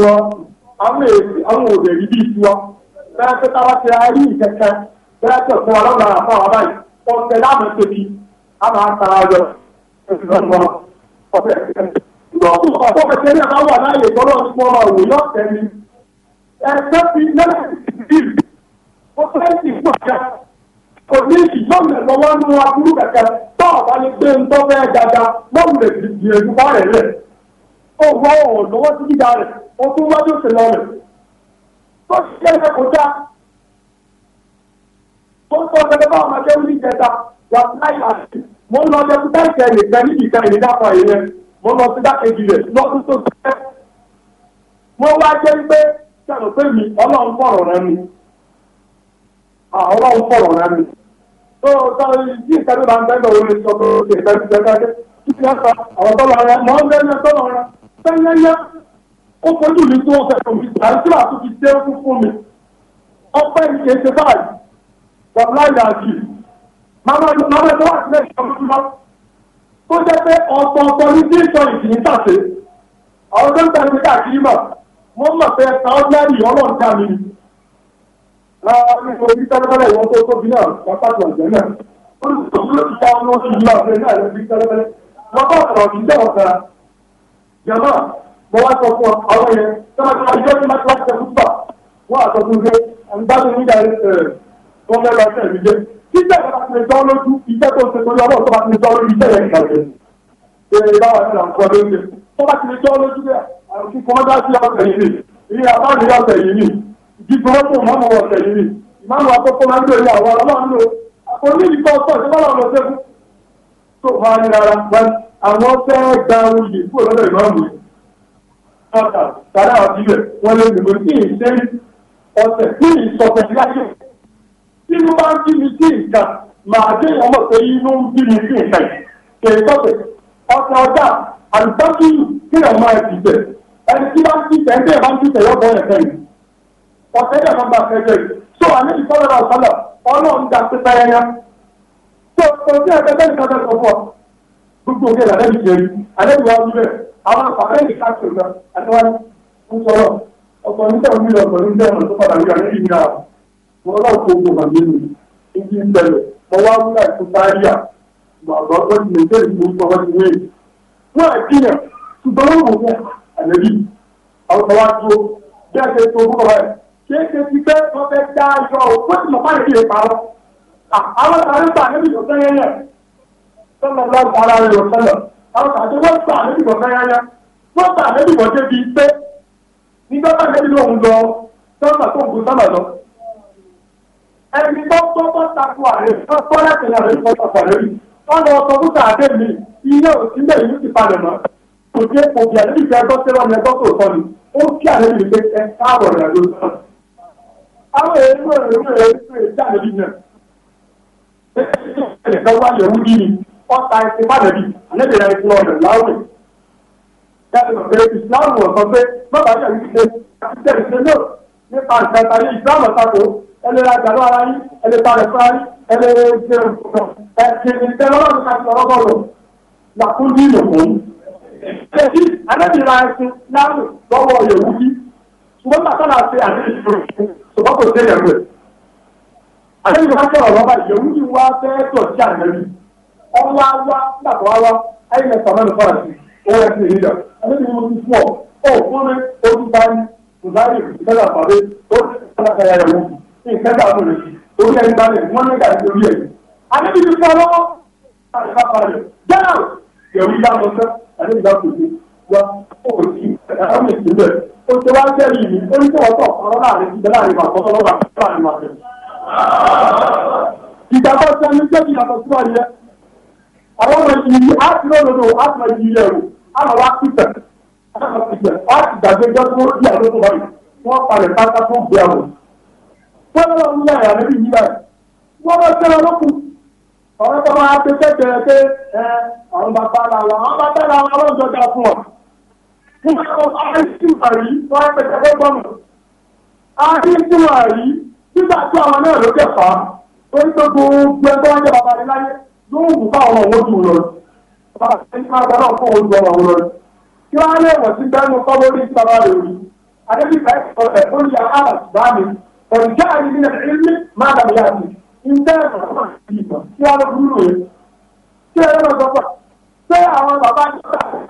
tàbí ah, wọn wò bẹ́ẹ̀ pé táwa ti ra rí ìkẹ̀kẹ́ bẹ́ẹ̀ pé fún ọlọ́run ara fún àwọn báyìí ọ̀sẹ̀ láàmú tóbi a máa tara yọ ọ̀sẹ̀ ọ̀sẹ̀ ní àbáwọ̀ láàyè tọ́lọ́ fún ọmọ òwò yọ ọ̀sẹ̀ ni ẹ̀ẹ́dẹ́ fi lẹ́yìn ìdílé ó fẹ́ sì pọ̀ já kò ní ìjọ́nà lọ́wọ́ nínú aburú kẹ̀kẹ́ tó ọ̀bá lè gbé ń tọ́ bẹ́ẹ̀ dáadáa lọ́wọ́ lè fi dìé ju bá rẹ̀ lẹ̀ ó wọ́ ọ̀nà lọ́wọ́ sí dídá rẹ̀ ó tún wájú sí lọ rẹ̀ tó ṣe é kọjá tó ń tọ́ ọ̀gẹ́dẹ́ báwọn máa jẹ́ wílí ìjẹta wà láì àti mo ń lọ dẹ́kúta ìkẹ́ ìrìnkẹ́ níbi ìka ìrìndàpọ̀ ìyẹn mo lọ sí dákejì rẹ̀ lọ́dún tó ṣe é mo wá jẹ́ pé sẹ́nu pé mi ọlọ́run fọ̀rọ̀ rẹ mi ọlọ́run fọ̀rọ̀ rẹ mi tó tó yí ìtẹ́lẹ̀ bá ń bẹ́ẹ̀ lọ orí sọ pé ó ṣe ìtẹ́lẹ̀ bẹ́ẹ̀ bẹ́ẹ̀ kí ni wọ́n sọ àwọn tọ́lọ̀ rẹ mọ́ ń bẹ́ẹ̀ ní tọ́lọ̀ rẹ fẹ́ẹ́ ó fojú mi tí wọ́n fẹ́ fún mi àdúrà tó fi dé fún fún mi ọpẹ́ mi kì í ṣe báyìí wọ́n láì dàjì màmá màmá tó wà sílẹ̀ ìṣọ́mọ́ tó jẹ́ pé ọ̀tọ̀ọ̀tọ̀ ní bí ìṣọ́ ìdí ń tàṣe àwọn tó ń tẹ̀lé mi káàkiri mọ̀ mo mọ̀ pé sáwọ́dárì ọlọ́run dá mi ni láàárín orí tẹ́lẹ̀tẹ́lẹ̀ ìwọ́n tó tóbi náà pàtàkì ọ̀jẹ̀ náà ó ní sọ̀rọ̀ ló ti dá ọmọ oṣù yìí náà fẹ́ mo wá sọ fún ọ ọ̀rọ̀ yẹn sọ́mọ́ tí wọ́n yọ ní máa tẹ́lá tẹ́lá fúnpà wọ́n àtọ́ fún pé ẹ̀ǹdájú nígbà wọ́n fẹ́ lọ sí ẹ̀mí jẹ́ títẹ̀ bàbá ti lè dán lójú iṣẹ́ tó ń ṣe torí ọlọ́run tó bá ti lè dán lójú iṣẹ́ yẹn nìkan jẹ́ ṣe báwa ti là ń kọ́ lóúnjẹ tó bá ti lè dán lójú bẹ́ẹ̀ àrùkí kọ́mọ́dá sí ọ̀sẹ̀ yìí ni ilé àbáwọ̀ ní ọ̀sẹ̀ yìí ni ìdìbò mọ́tò mọ́mọ́ ọ̀sẹ̀ yìí ni ìmáàmù àkọ́kọ́ máa ń lò ní àwọn ọlọ́run lò onídìbò ọ̀sọ̀ ìbálòpọ̀ lọ́sẹ̀kù tó máa ń ọ̀tà tàdá àbílẹ̀ wọn lè lè lórí kí n ṣe ọ̀sẹ̀ kí n sọ̀tẹ̀ láyé tí mo bá ń bí mi kí nǹkan màá dé ọmọ pé inú ń bí mi kí nǹkan kì í sọ̀tẹ̀ ọ̀tà ọ̀tà àlùbákìlù kí ẹ̀ máa dìbẹ̀ ẹni tí bá ń dìbẹ̀ ẹ̀ bẹ́ẹ̀ bá ń dìbẹ̀ yọ̀ bọ́ ẹ̀fẹ̀ yìí ọ̀tẹ̀ ẹ̀ máa gba ẹ̀fẹ̀ yìí so àmì ìfọ̀rọ̀ ọ̀sọ̀lọ̀ ọlọ́run dà sí sáyẹnyá so kò sí ẹ̀fẹ̀ bẹ́ẹ̀ ni ká àwọn àpàkẹ́ ìdí káàkiri lọ àtiwájú ń sọ̀rọ̀ ọ̀pọ̀ níta ń bílọ̀ ọ̀pọ̀ níta ẹ̀mọ̀ tó padà rí àní ìlú náà mo lọ́ kó gbogbo màgbé mi ibi ń bẹ̀rẹ̀ mo wá wúlà tó sáríà bàbá tó ti lè tẹ̀lé ìlú tó wọ́n ti wé wọ́n àkíyàn ṣùgbọ́n wọ́n mọ̀ fún àlẹ́bí àwọn tó wá tó bí àṣẹ tó kọ́ ẹ̀ kéèké ti fẹ́ wọ́n fẹ́ dá aṣọ òkú tí mo fáyé lè parọ́ àwọn àlẹ́ àwọn tàbí wọ́n gbà lẹ́bìbọ̀ káyáyá wọ́n gbà lẹ́bìbọ̀ débi pé nígbà bá lẹ́bìbí òun lọ sọ́mà tó ń bu sọ́mà lọ. ẹni tó tó tó takò àrẹ tó láti ní àrẹ tó takò àrẹ yìí lọ sọ fún sàdé mi iye òsì lè yín ti palẹ̀ mọ́ kò dé òbí àlẹ́bí fẹ́ gbọ́ sí ọmọ ẹgbọ́ tó sọ ó kí àlẹ́bí pé ẹ káàbọ̀ rẹ̀ ló sọ. àwọn èèyàn ló rẹ̀ ló rẹ̀ ló rẹ̀ jáde bí náà. ẹ ọta ẹsẹ fàdébí ànẹ́bìrẹ ẹsẹ ọ̀nà láwùjọ yàtọ̀ pé islam wọ̀ sọ pé bàbá yà wí pé àtúntẹ̀ ìṣe náà nípa nǹkan ta ní islam ọ̀tàkó ẹlẹ́ra àgbàdo ara yín ẹlẹ́ta rẹ̀ fúnra yín ẹlẹ́ra ẹgbẹ́ òkùnkùn ẹ̀sìn ìṣẹ́ lọ́wọ́ nǹkan ti ọ̀rọ̀ bọ̀lọ̀ làkúndí ìlòkùn. èyí ànẹ́bìrẹ ẹsẹ láwùjọ lọ́wọ́ yòówù yìí ṣùgbọ́n bàtà náà ṣe àdéhùn ṣùgbọ́n kò ọwọ́ awa nígbà tó wá wá ayé ní ẹ̀sán mẹ́rin fọ́nà sí owó ẹ̀sìn èyí dà ẹni tí mo ti fún ọ ọ fún mi ojú bá ní nzari ìfẹ́lá àpàdé ó ti sọ́nà kẹyà rẹ̀ wọ́n ní ìfẹ́lá o orí ẹni bá lè wọ́n ní ìgbà tí orí ẹni. àdébí ti fọ́ lọ́wọ́ àdébá parẹ̀ jẹ́nà yẹ̀wù yá lọ sẹ́ àdébí bá tòṣe wa ó ti àwọn èsì bẹ̀ ó ti wá jẹ́rìí mi ó ní kí wọ́n tọ̀ ọ̀rọ̀ láàrin ìgbẹ́ láàrin màkọ́tọ́ lọ́wọ́ àti láàrin màkẹ́. ìgbàgbọ́ sẹ́ni jẹ́ ìyàtọ̀ síwájú yẹn àwọn ọmọ ìyí á ti lọ́dọ̀ lọ́dọ̀ á ti máa yí ilẹ̀ rò á máa wá pípẹ̀ á máa pípẹ̀ á ti gbàgbé jọ́ tó di àlọ́ tó báyìí wọ́n palẹ̀ pátá tó gbé àwọn. wọ́n lọ ń yá ìyá níbi yí báyìí wọ́n bá tẹ́lẹ̀ lókun ọ̀rọ̀ tó máa pe tẹ́tẹ̀ẹ́ pé ẹ àwọn bàbá la wọn àwọn bàbá la wọn ọlọ́jọ́ dá fún wọn. wọ́n bá tẹ́lẹ̀ ọ̀rẹ́ sí wàrí wọ́n á pẹ̀tẹ́ fẹ́ gbọ́mọ̀. a ti ń sí wàrí nígbà tí àwọn náà ló kẹfà ó ń tó gbogbo ẹgbẹ́ wọn jẹ́ bàbá rẹ láyé yóò wù káwọn ọmọ ojú lọ bá ẹni máa gbá náà fún ojú ọmọ lọ kí wọn á lè wọ̀ sí gbẹ́nu kọ́ lórí ìtara rẹ̀ rí adébíkà ẹ̀kọ́ ẹ̀ lórí àhàlà bá mi ọ̀jẹ́ àyè ní ẹ̀ ilé máa dàbí àti ìjẹ́ ẹ̀kọ́ máa ti ìbọn kí wọn lọ́ọ́ dúró rẹ̀ kí ẹ lọ́ọ́ sọ́kọ̀ ṣé àwọn bàbá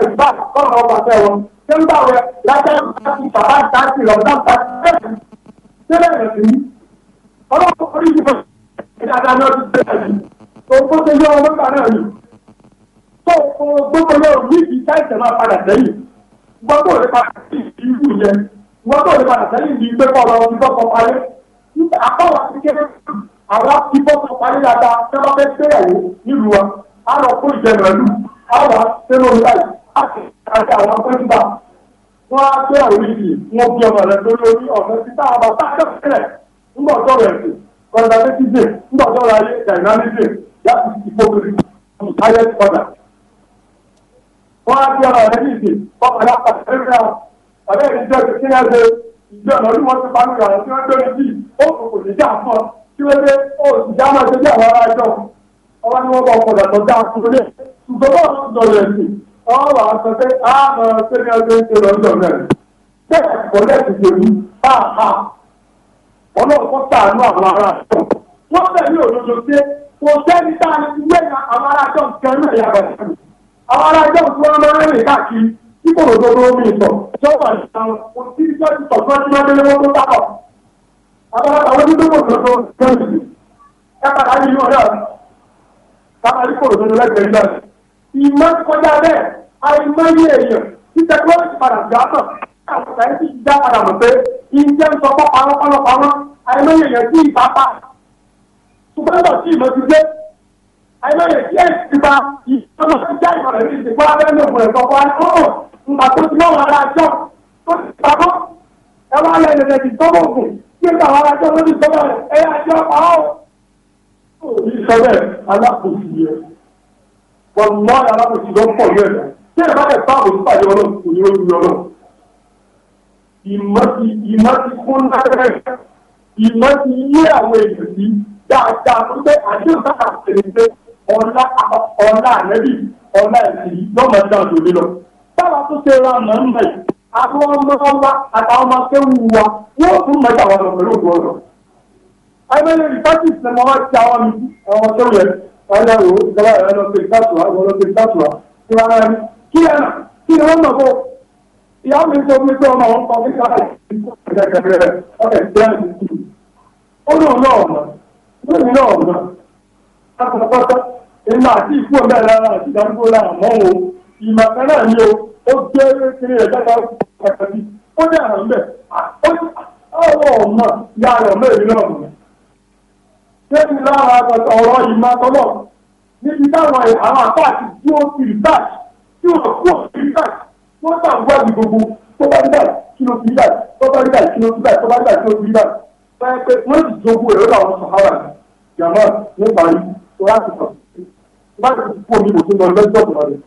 ìgbà kọ́nà ọba fẹ́ wọn ṣé ń bá wẹ lájẹ́ àti bàbá ìtàkì lọ́dọ̀ ṣé bẹ́ẹ̀ tó ṣe yọ ọmọ kan náà yìí tó gbogbo yọ níbi táìsẹ̀ máa padà sẹ́yìn wọ́n tó lè padà sí ìlú yẹn wọ́n tó lè padà sẹ́yìn bíi pé kọ́ ọ̀rọ̀ ìbọn kan parí àkọ́wà kékeré àwọn ìbọn kan parí dáadáa tẹ́ bá fẹ́ gbéyàwó nílùú wa á lọ kó ìjẹun ẹ̀lú àwọn sẹ́nu ọ̀rẹ́ àti àti àwọn akọ́júbà wọ́n á gbé àwọn ìdí wọn bí ọmọ rẹ̀ lórí ọ̀fẹ́ títà àbá sáà kẹ́kẹ́ rẹ̀ ńgbọ̀dọ̀ rẹ̀ sí conservatism ńgbọ̀dọ̀ rẹ̀ ayé dynamism that is hypocrisy from the highest order. wọ́n á bí ọ̀rọ̀ rẹ̀ ní ìdè bọ́ọ̀lù alápàtà lórí náà ọ̀rẹ́ mi jẹ́ kí ẹ ṣe ìjọ ọ̀nà orí wọn ti bá lórí àwọn tí wọ́n gbẹ́rù bíi ó kò kò ní já fún ọ kí wọ́n dé ó sì já máa ṣe bí àwọn ará ẹjọ́ ọwọ́ ni wọ́n bá ọkọ̀ dàtọ̀ dá fún lé ṣùgbọ́n bọ́ọ̀lù ń dọ̀rọ̀ ẹ̀sìn ọwọ́ wà sọ pé á mọ̀ ṣe kò sẹ́ni tá a ti wé na àwọn arájọ́ nǹkan náà yàgbà ìlú àwọn arájọ́ tí wọ́n máa ń rìn káàkiri tí kò lóso tó mi sọ sọ́wọ́ ìtàn kò sí iṣẹ́ ti sọ̀tún ẹni máa délé wọ́n tó sábọ̀ àwọn àwọn onídó kò lóso kẹ́hìndì ẹ padà ní inú ọ̀dọ́ bàbá yìí kò lóso ní lẹ́gbẹ̀ẹ́ ìlú ọ̀dọ́ ìmọ̀ kọjá bẹ́ẹ̀ àìmọye èèyàn tí tẹkọ́lọ́jì padà ṣùgbọ́n ìgbà tí ìmọ̀ ti dé àìmọye díẹ̀ ti gba ìṣọ́nà tó já ìmọ̀ rẹ̀ níbi ìgbà abẹ́ ní ògùn ẹ̀kọ́ wa ọ̀hún ìgbà tó ti náà ara jọ tó ti pamọ́ ẹ wá lẹ́nu rẹ̀ ti tọ́wọ́ ògùn kí ẹ̀ka àwọn ará jọ lórí ìtọ́wọ́ rẹ̀ ẹ yà jọ pa ọ́. ìṣọ̀rẹ́ alákòóso yẹ wọn mọ alákòóso ló ń pọ̀ ní ẹ̀dá tí ẹ̀ bá lè bá àbòsí pàdé ọlọ́run kò ní ojú ọlọ́run ìmọ̀ ti kún lábẹ́rẹ́ ìmọ̀ ti yé àwọn èèyàn sí dáadáa tó pé àdéhùn náà tẹ̀lé pé ọ̀la ọ̀la ànẹ́bí ọ̀la ẹ̀sìn lọ́mọ dáa tó lé lọ. báwa tó ṣe ra mọ̀ ń bẹ̀ àwọn ọmọ wa àtàwọn ọmọ akéwù wa wọ́n tún mọ̀ ẹ́ àwọn ọmọ pẹ̀lú òkú ọ̀rọ̀. ẹgbẹ́ ìfásitì ni wọ́n ti àwọn ọmọ akéwù yẹn ẹlẹ́rù ìjọba ẹ̀rọ lọ́sẹ̀ ìtàtùwà ẹ̀rọ lọ́sẹ̀ ìtàtùwà kí wọ́n rẹ̀ kí ẹ̀ kí ni wọ́n mọ̀ fún ìyá mi sọ pé ọmọ ọ̀hún kan ní káàkiri ọ̀kẹ́ ìgbẹ́ ó lóun lónìí náà ọ̀nà pátápátá èmi àti ìkú ọ̀mẹ́ rárá àti ìdádúgbò rárá mọ́ o ìmọ̀ kan náà ni o ó gbé kiri ẹ̀ dáadáa pàtàkì ó dẹ̀ àrùn bẹ̀ ọ̀rọ̀ ọ̀nà ìyá rẹ̀ ọ̀mẹ́ ìlú náà nù. ṣé ti lára ọ̀rọ̀ ìmọ̀ tọ́lọ̀ níbi táwọn àwọn àpá àti dúró ìrìbáàsì tí wọ́n kú ìrìbáàsì wọ́n tà wọ́ọ̀dì gbogbo tó bá rí báyìí kí ló fi báyìí tó bá rí báyìí kí ló fi báyìí tó bá rí báyìí kí ló fi báyìí jàmọ́ nípa yìí tó láti kàn sí bá ti kú omi kò tún lọ lọ́jọ́ tó lọ́dẹ.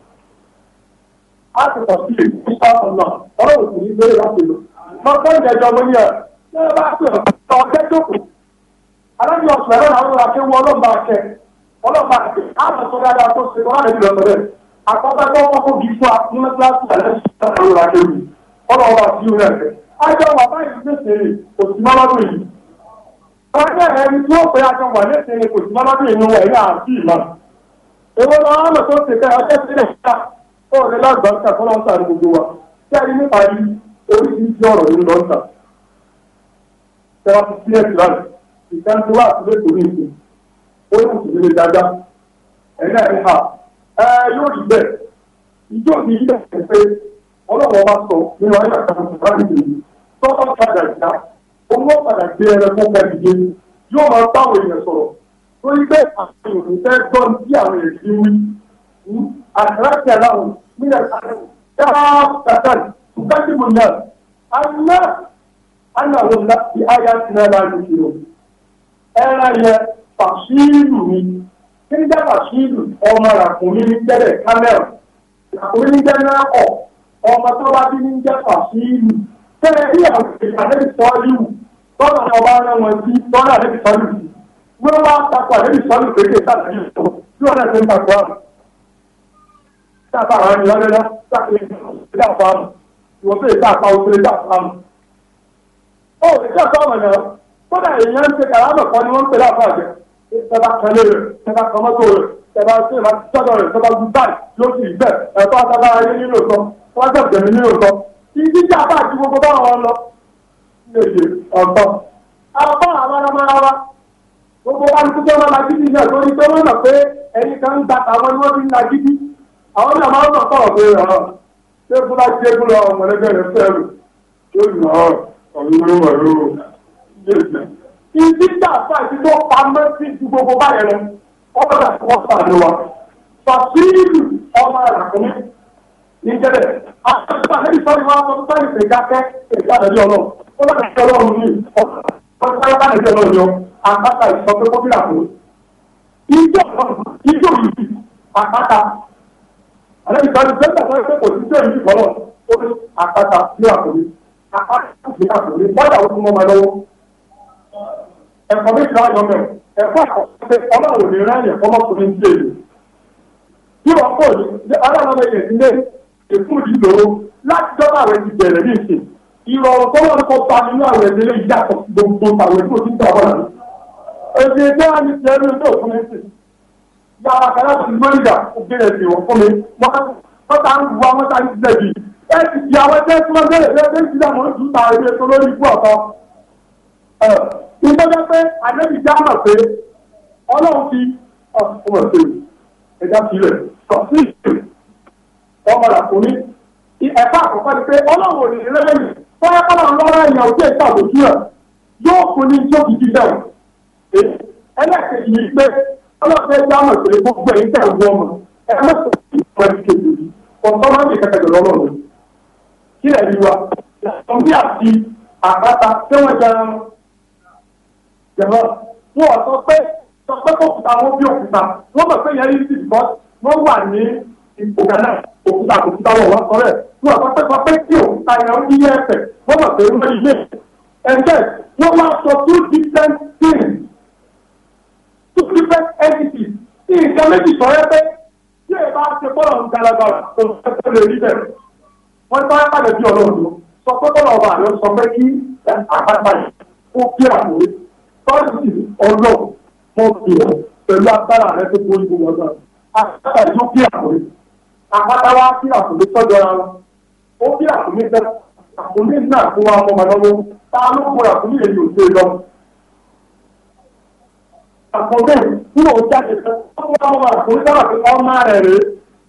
a ti kàn sí nípa ọ̀nà ọ̀rọ̀ òsì ní ìbéèrè láti lò. máa fẹ́ ìjẹ́jọ́ mo ní ẹ̀ ṣé ẹ bá pè ọ́ ọ̀kẹ́ jókòó. aláàbí ọ̀sùn ẹ̀rọ làwọn ọ̀rọ̀ akéwọ́ ọlọ́mọ akẹ́ ọlọ́mọ akẹ́ àwọn tó dáadáa tó ṣe wọ́n á lè fi lọ́sọ̀ bẹ́ẹ̀. àkọ́kọ́ tó wọ́n kó gífọ́ ní mẹ́tíláṣí àlẹ́ ọjọ́ ẹni tí ó pé aṣọ wà lẹ́sẹ̀ ni kò sí mọ́lọ́dún inú ẹ̀ ní àbí ìmọ̀. èwo lọ wọn lọ tó ṣe kẹ́ ọjọ́ sílẹ̀ ṣá ó lè lọ́gbọ̀n ṣà fún lọ́ńtà ní gbogbo wa kí ẹni nípa rí oríṣiríṣi ọ̀rọ̀ nínú lọ́ńtà. tẹ́wọ́n ti sílẹ̀ sí láti ìkànnì wà sílẹ̀ tó ní ìsìn ó ní kùsùn ha ẹ yóò rí bẹ́ẹ̀ ìjọ mi yí ẹ̀ pé ọlọ́wọ́ wa sọ nínú olúwa padà gbé ẹranko kẹ́mi dé yóò máa báwọn èèyàn sọ̀rọ̀ lórí pé àwọn òní fẹ́ gbọ́ ní bí àwọn èèyàn ti wí àkàràkì aláwọ̀ nílẹ̀ káàkiri tukati mu náà aná aná wo ná ti àyà ti náà láti fi o ẹran yẹ fàṣíìlù mi kí ní dá fàṣíìlù ọmọ ràkùnrin ní tẹ́lẹ̀ kámẹ́rà ràkùnrin ní jẹ́ náà kọ̀ ọmọ tó bá bí ní jẹ́ fàṣíìlù tẹ́lẹ̀ bí àwọn èèyàn lè sọ tọ́lá ni ọba rán wọn sí tọ́lá rẹ̀ sọ́lù sí wọ́n wá takọ̀ rẹ̀ sọ́lù kéde sàlàyé ìṣòro tí wọ́n rẹ̀ ń takọ̀ àmọ́. sábà àwọn ènìyàn lọ́dọ́ sáfì ìdá àpá àmọ́ ìwọ̀n tó ìdá àpá òṣèré ìdá àpá àmọ́. ó ìdá àpá àmọ́ náà kódà èèyàn ń ṣe kàrámọ̀ kan ni wọ́n ń pè láàfà jẹ tẹ́bá kanlé rẹ̀ tẹ́bá kọmọ́tò rẹ̀ tẹ́bá tẹ́bá sọ́dọ̀ rẹ̀ tẹ́bá gbú báyìí yóò sì bẹ̀ ẹ̀fọ́ àtàbà ayé nílò sọ wọ́n jẹ̀ bẹ̀mí nílò sọ ìdíjà bá àti gbogbo báwọn lọ lóye ọ̀tọ̀. apá àwaramárawa gbogbo kálukú tó máa lagídí náà lórí tó wọ́n mọ̀ pé ẹni kan ń gba àwọn ni wọ́n fi ń lagídí àwọn náà máa ń sọ̀tọ̀ ọ̀gbẹ́ ọ̀rọ̀ ṣé fúlá ṣe é fúlá ọmọ ẹgbẹ́ rẹ fẹ́ẹ̀rù tó yàn ọ́ ọ̀run ló wà lóru ìdí dàgbà tí tó pamọ́ sí ju gbogbo báyẹn lọ ọ̀dà tí wọ́n sàánú wa fàṣíìlù ọmọ àràkùnrin níjẹ́lẹ̀ àti àti sọ́ni wa wọ́n sọ́ni ṣèkákẹ́ ìgbàlódé ó bá kàṣẹ ọlọ́run ní ọ̀pọ̀lọpọ̀ bá kàṣẹ ọlọ́run yọ àpáta ìsọpẹ́ kọ́bílà fún ijó yìí àpáta àlẹ́ ìgbàlú bẹ́ẹ̀ bá wọ́n kò sí sẹ́yìn ìfọ́lọ́ ó ní àpáta ní àkòrí àpáta ní àkòrí bọ́dà ó tún mọ́ ma lọ́wọ́ ẹ̀kọ́ mi kìlá yọ mẹ́rin ẹ̀kọ́ àkọsílẹ̀ ọlọ́run ní ráyẹ̀ ọmọkùnrin ti èlò bí wọ́n pọ̀ ní aláwọ̀ mẹ́yẹ̀ sílẹ̀ èkúrú láti dọ́gba rẹ̀ ti ní ìsìn ìrọ̀rùn tó wọ́n kọ́ bá nínú àwọn ẹ̀mí lè yàtọ̀ gbogbo àwọn ẹ̀mí òsì tó àwọn àmì. èdè ẹgbẹ́ wa ni tiẹ̀ lóde òfin mi sì. yàrá kan láti mọ́nìjà òbílẹ̀ sí wọn fún mi wọ́n ta ń wá wọ́n ta ń tilẹ̀ bì. ẹ ti di àwọn ẹgbẹ́ tí wọ́n bẹ̀rẹ̀ lẹ́gbẹ́ ìdílé àwọn oṣù ta ẹgbẹ́ tó lórí ikú ọ̀tọ̀. ìgbọ́jọ́ pé àdébì já mọ̀ pé ọlọ́run ti ọmọ ìṣèlú ẹja sílẹ̀ sọ sí ìṣèlú ọmọ fọ́nrá kọ́lá lọ́rọ́ ẹ̀yà òkè ìtàbójú ẹ̀ yóò fún ní tó fi dídá ẹ̀ ẹlẹ́kẹ̀ẹ́ yìí pé ọlọ́pàá ẹgbẹ́ àmọ̀ ìpè gbogbo ẹ̀yìn tẹ̀ wọ́n mọ̀ ẹ̀ mẹ́sàn-án ti sọ̀rọ̀ ẹ̀ kéde yìí ọ̀tọ́ máa ń lè kẹ́kẹ́ lọ́rọ̀ lọ́rọ̀ kí ẹ̀ rí wa ọ̀n bí àti àpáta wọ́n sọ pé sọ pé kókùtà wọn bí òkúta wọn mọ̀ pé yẹn rí sí ìbọn wọn wà ní ipò kan náà òkúta òkúta wọn wá sọ rẹ̀ tí wọ́n pàpẹ́pàpẹ́ tí òkúta yẹn ń yí ẹ̀fẹ̀ wọ́n mọ̀ pé wọ́n ilé ẹ̀fẹ̀ wọ́n wá sọ two different things two different entities tí nǹkan méjì sọ rẹ́ pé tí èyí bá ṣe bọ́ọ̀lù ń galagbara kò fẹ́ lè rí bẹ́ẹ̀ wọ́n bá pàdé bí ọlọ́run sọ pé bọ́ọ̀lù ọba àlọ́ sọ pé kí àpáta yìí ó kí àkùrẹ́ tọ́jú ọlọ́run mọ́ pẹ̀lú agbára rẹ tó kó ìgbòho ọgbà àpáta yìí ó kí àkùrẹ́ apátáwá sí àkùnrin tọ́jú ara wọn ó bí àkùnrin tẹ́ àkùnrin náà fún wa ọmọ lọ́wọ́ ta ló kó àkùnrin èyí ò ṣe lọ. àkọ́bẹ̀ nínú ọjà kẹsàn-án ó kó ọmọ àkùnrin sábà fi ọmọ rẹ̀ rèé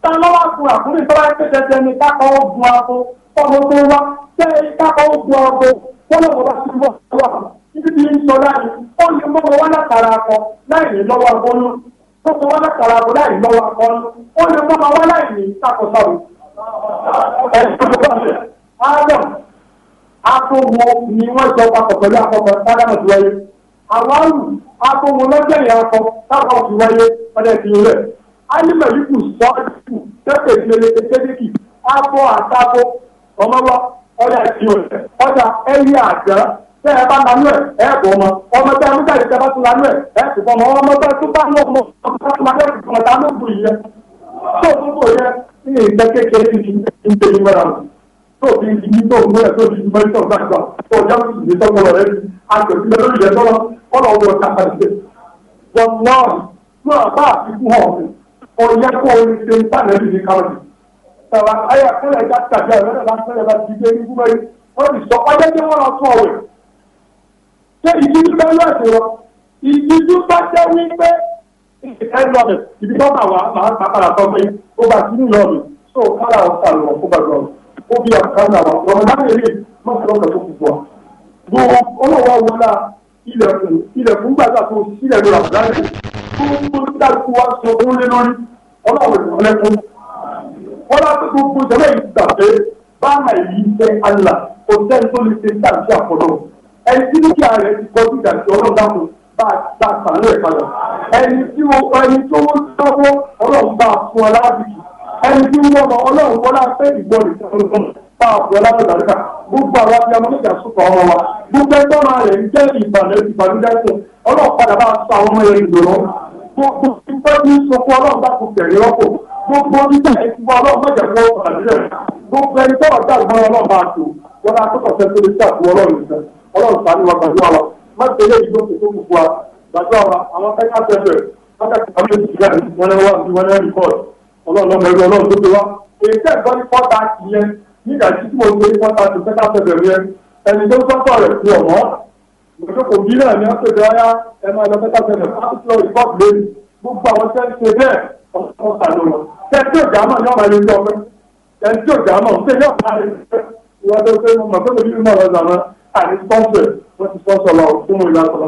ta lọ́wọ́ àkùnrin àkùnrin sábà ń pèsè ẹni kápá ó bu abo kọ́mọ tó wá tẹ́ kápá ó bu abo kọ́mọ tó bá ti wọ̀ wá ibi tí ń sọ láàyè ó lè mọ́ wọn wá látara akọ láì ó ti wá látara bó láì lọ́wọ́ akọ ó lè mọ́ ma wá láì ní sàkóso adam atomo ni wọ́n jọ papọ̀ pẹ̀lú akọkọ sádàmù ti wáyé àwárù atomo lọ́jọ́ yẹn akọ sábà ti wáyé ọdẹ ti rẹ̀ alimọ̀ yìí kù sọ́ọ̀dù tẹ́tẹ̀ ìdílé tẹ́tẹ́dẹ́kì abọ́ àtàbọ̀ ọmọwọ́ ọdẹ ti rẹ̀ ọjà ẹ̀yà àjẹ́ tẹ ẹ bá lanú ẹ ẹ bọ ọmọ ọmọ tẹ ẹ mú bá tún lanú ẹ ẹ sì fọmọ ọmọ tẹ tún bá ní ọmọ ọmọ tẹ tún lanú tún ọmọ tá ló yẹ tó tún bò yẹ ní ìgbẹ́ kékeré ní ní tẹ̀lé wẹ́rẹ́ àwọn tó fi ní tó mú ẹ tó fi mú tó gbà gbà tó já sí ní tó gbọlọ rẹ àgbẹ̀bí lọ lórí ẹjọ́ lọ kọ́lọ̀ wọ kàkàdé wọn náà náà bá àfikún hàn ọ̀yẹ́ kó o ní ṣe ń tàlẹ́ wọ́n ti sọ ọjọ́ tí wọ́n lọ tún ọ̀wẹ̀ ṣé ìdíjú bẹ́ẹ̀ lọ sí wọn ìdíjú bá jẹ́ wípé ìfẹ́ lọ mi ibi tó bà wá màá bá padà sọ pé ó bá ti ń lọ mi tó kára ọ̀sà lọ kó bá lọ ó bí àkàrà wà lọ́mọ náà lè rí mọ́tò lọ́kàn tó kù bọ̀ gbogbo ọlọ́wọ́ wọlá ilẹ̀kùn ilẹ̀kùn gbàgbà tó sílẹ̀ lọ́wọ́ àbúrálẹ̀ tó ń tó dákú wá sọ fún lé lórí ọlọ́wọ́ ìrọ̀lẹ́kùn wọ́n á tó gbogbo ìjọba yìí gbà pé báàmà yìí jẹ́ àlà kò sẹ́ni tó lè ṣe tàbí àpọ̀lọ́ ẹni tí dúkìá rẹ̀ ti kọjú ìjà sí ọlọ́run dáhùn bá a sàánú ẹ̀ padà ẹni tí mo ẹni tó wọ́n sáwọ́ ọlọ́run bá a fún ọ láàbìkì ẹni tí wọ́n mọ ọlọ́run wọ́n láfẹ́ ìgbọ́n ìtọ́nùtọ́nù bá a fún ọ láti dàríkà gbogbo àwọn abiyá mọ́tòkì àsopọ̀ ọmọ wa gbogbo ẹgbẹ́ ọmọ rẹ̀ ń jẹ́ ìbànújẹ́ fún ọlọ́run padà bá a sọ àwọn ọmọ yẹn ìdòrò gbogbo ìgbà tí ń sọ fún ọlọ́run bá kò tẹ̀lé rọ́pò gbogbo nígbà ẹ̀sìn fún ọlọ́run mọ̀jẹ̀ fún ọlọ́run àdúrà gbogbo ẹni tọ́wọ́ dàgbọ́n ọlọ́run bá a tò wọn lásìkò sẹ́ńtẹ́lẹ́sì àti ọlọ́run sẹ́ńtẹ́ ọlọ́run sàánú wa gbàdúrà wa má tẹ̀lé ìjọ kòtò gbogbo wa gbàdúrà wa àwọn káyà pẹ̀pẹ̀ wákàtí àwọn èdè ìgbà wọn náà wà wọn náà rìkọ́d ọlọ́run lọ́mọ ẹ̀rọ ọlọ́run tó ti wá èyí tẹ̀ gbọ́ ní fọ́ta yẹn nígbà tí mo gbé ní fọ́ta tó káyà pẹ̀pẹ̀ yẹn ẹni tó sọ́kọ̀ rẹ̀ fi ọ̀mọ́ ìjọkọ̀ bí náà ni wọ́n pè dáyà ẹ máa lọ káyà pẹ̀pẹ̀ pásítọ̀ ìfọ́ọ̀bù lórí gbogbo àwọn tẹ́lifíṣẹ́ bẹ́ẹ̀ ọ̀sán kan ló lọ tẹ́tí ò dáná ní àní sponsor wọ́n ti sponsor lọ fún ìlú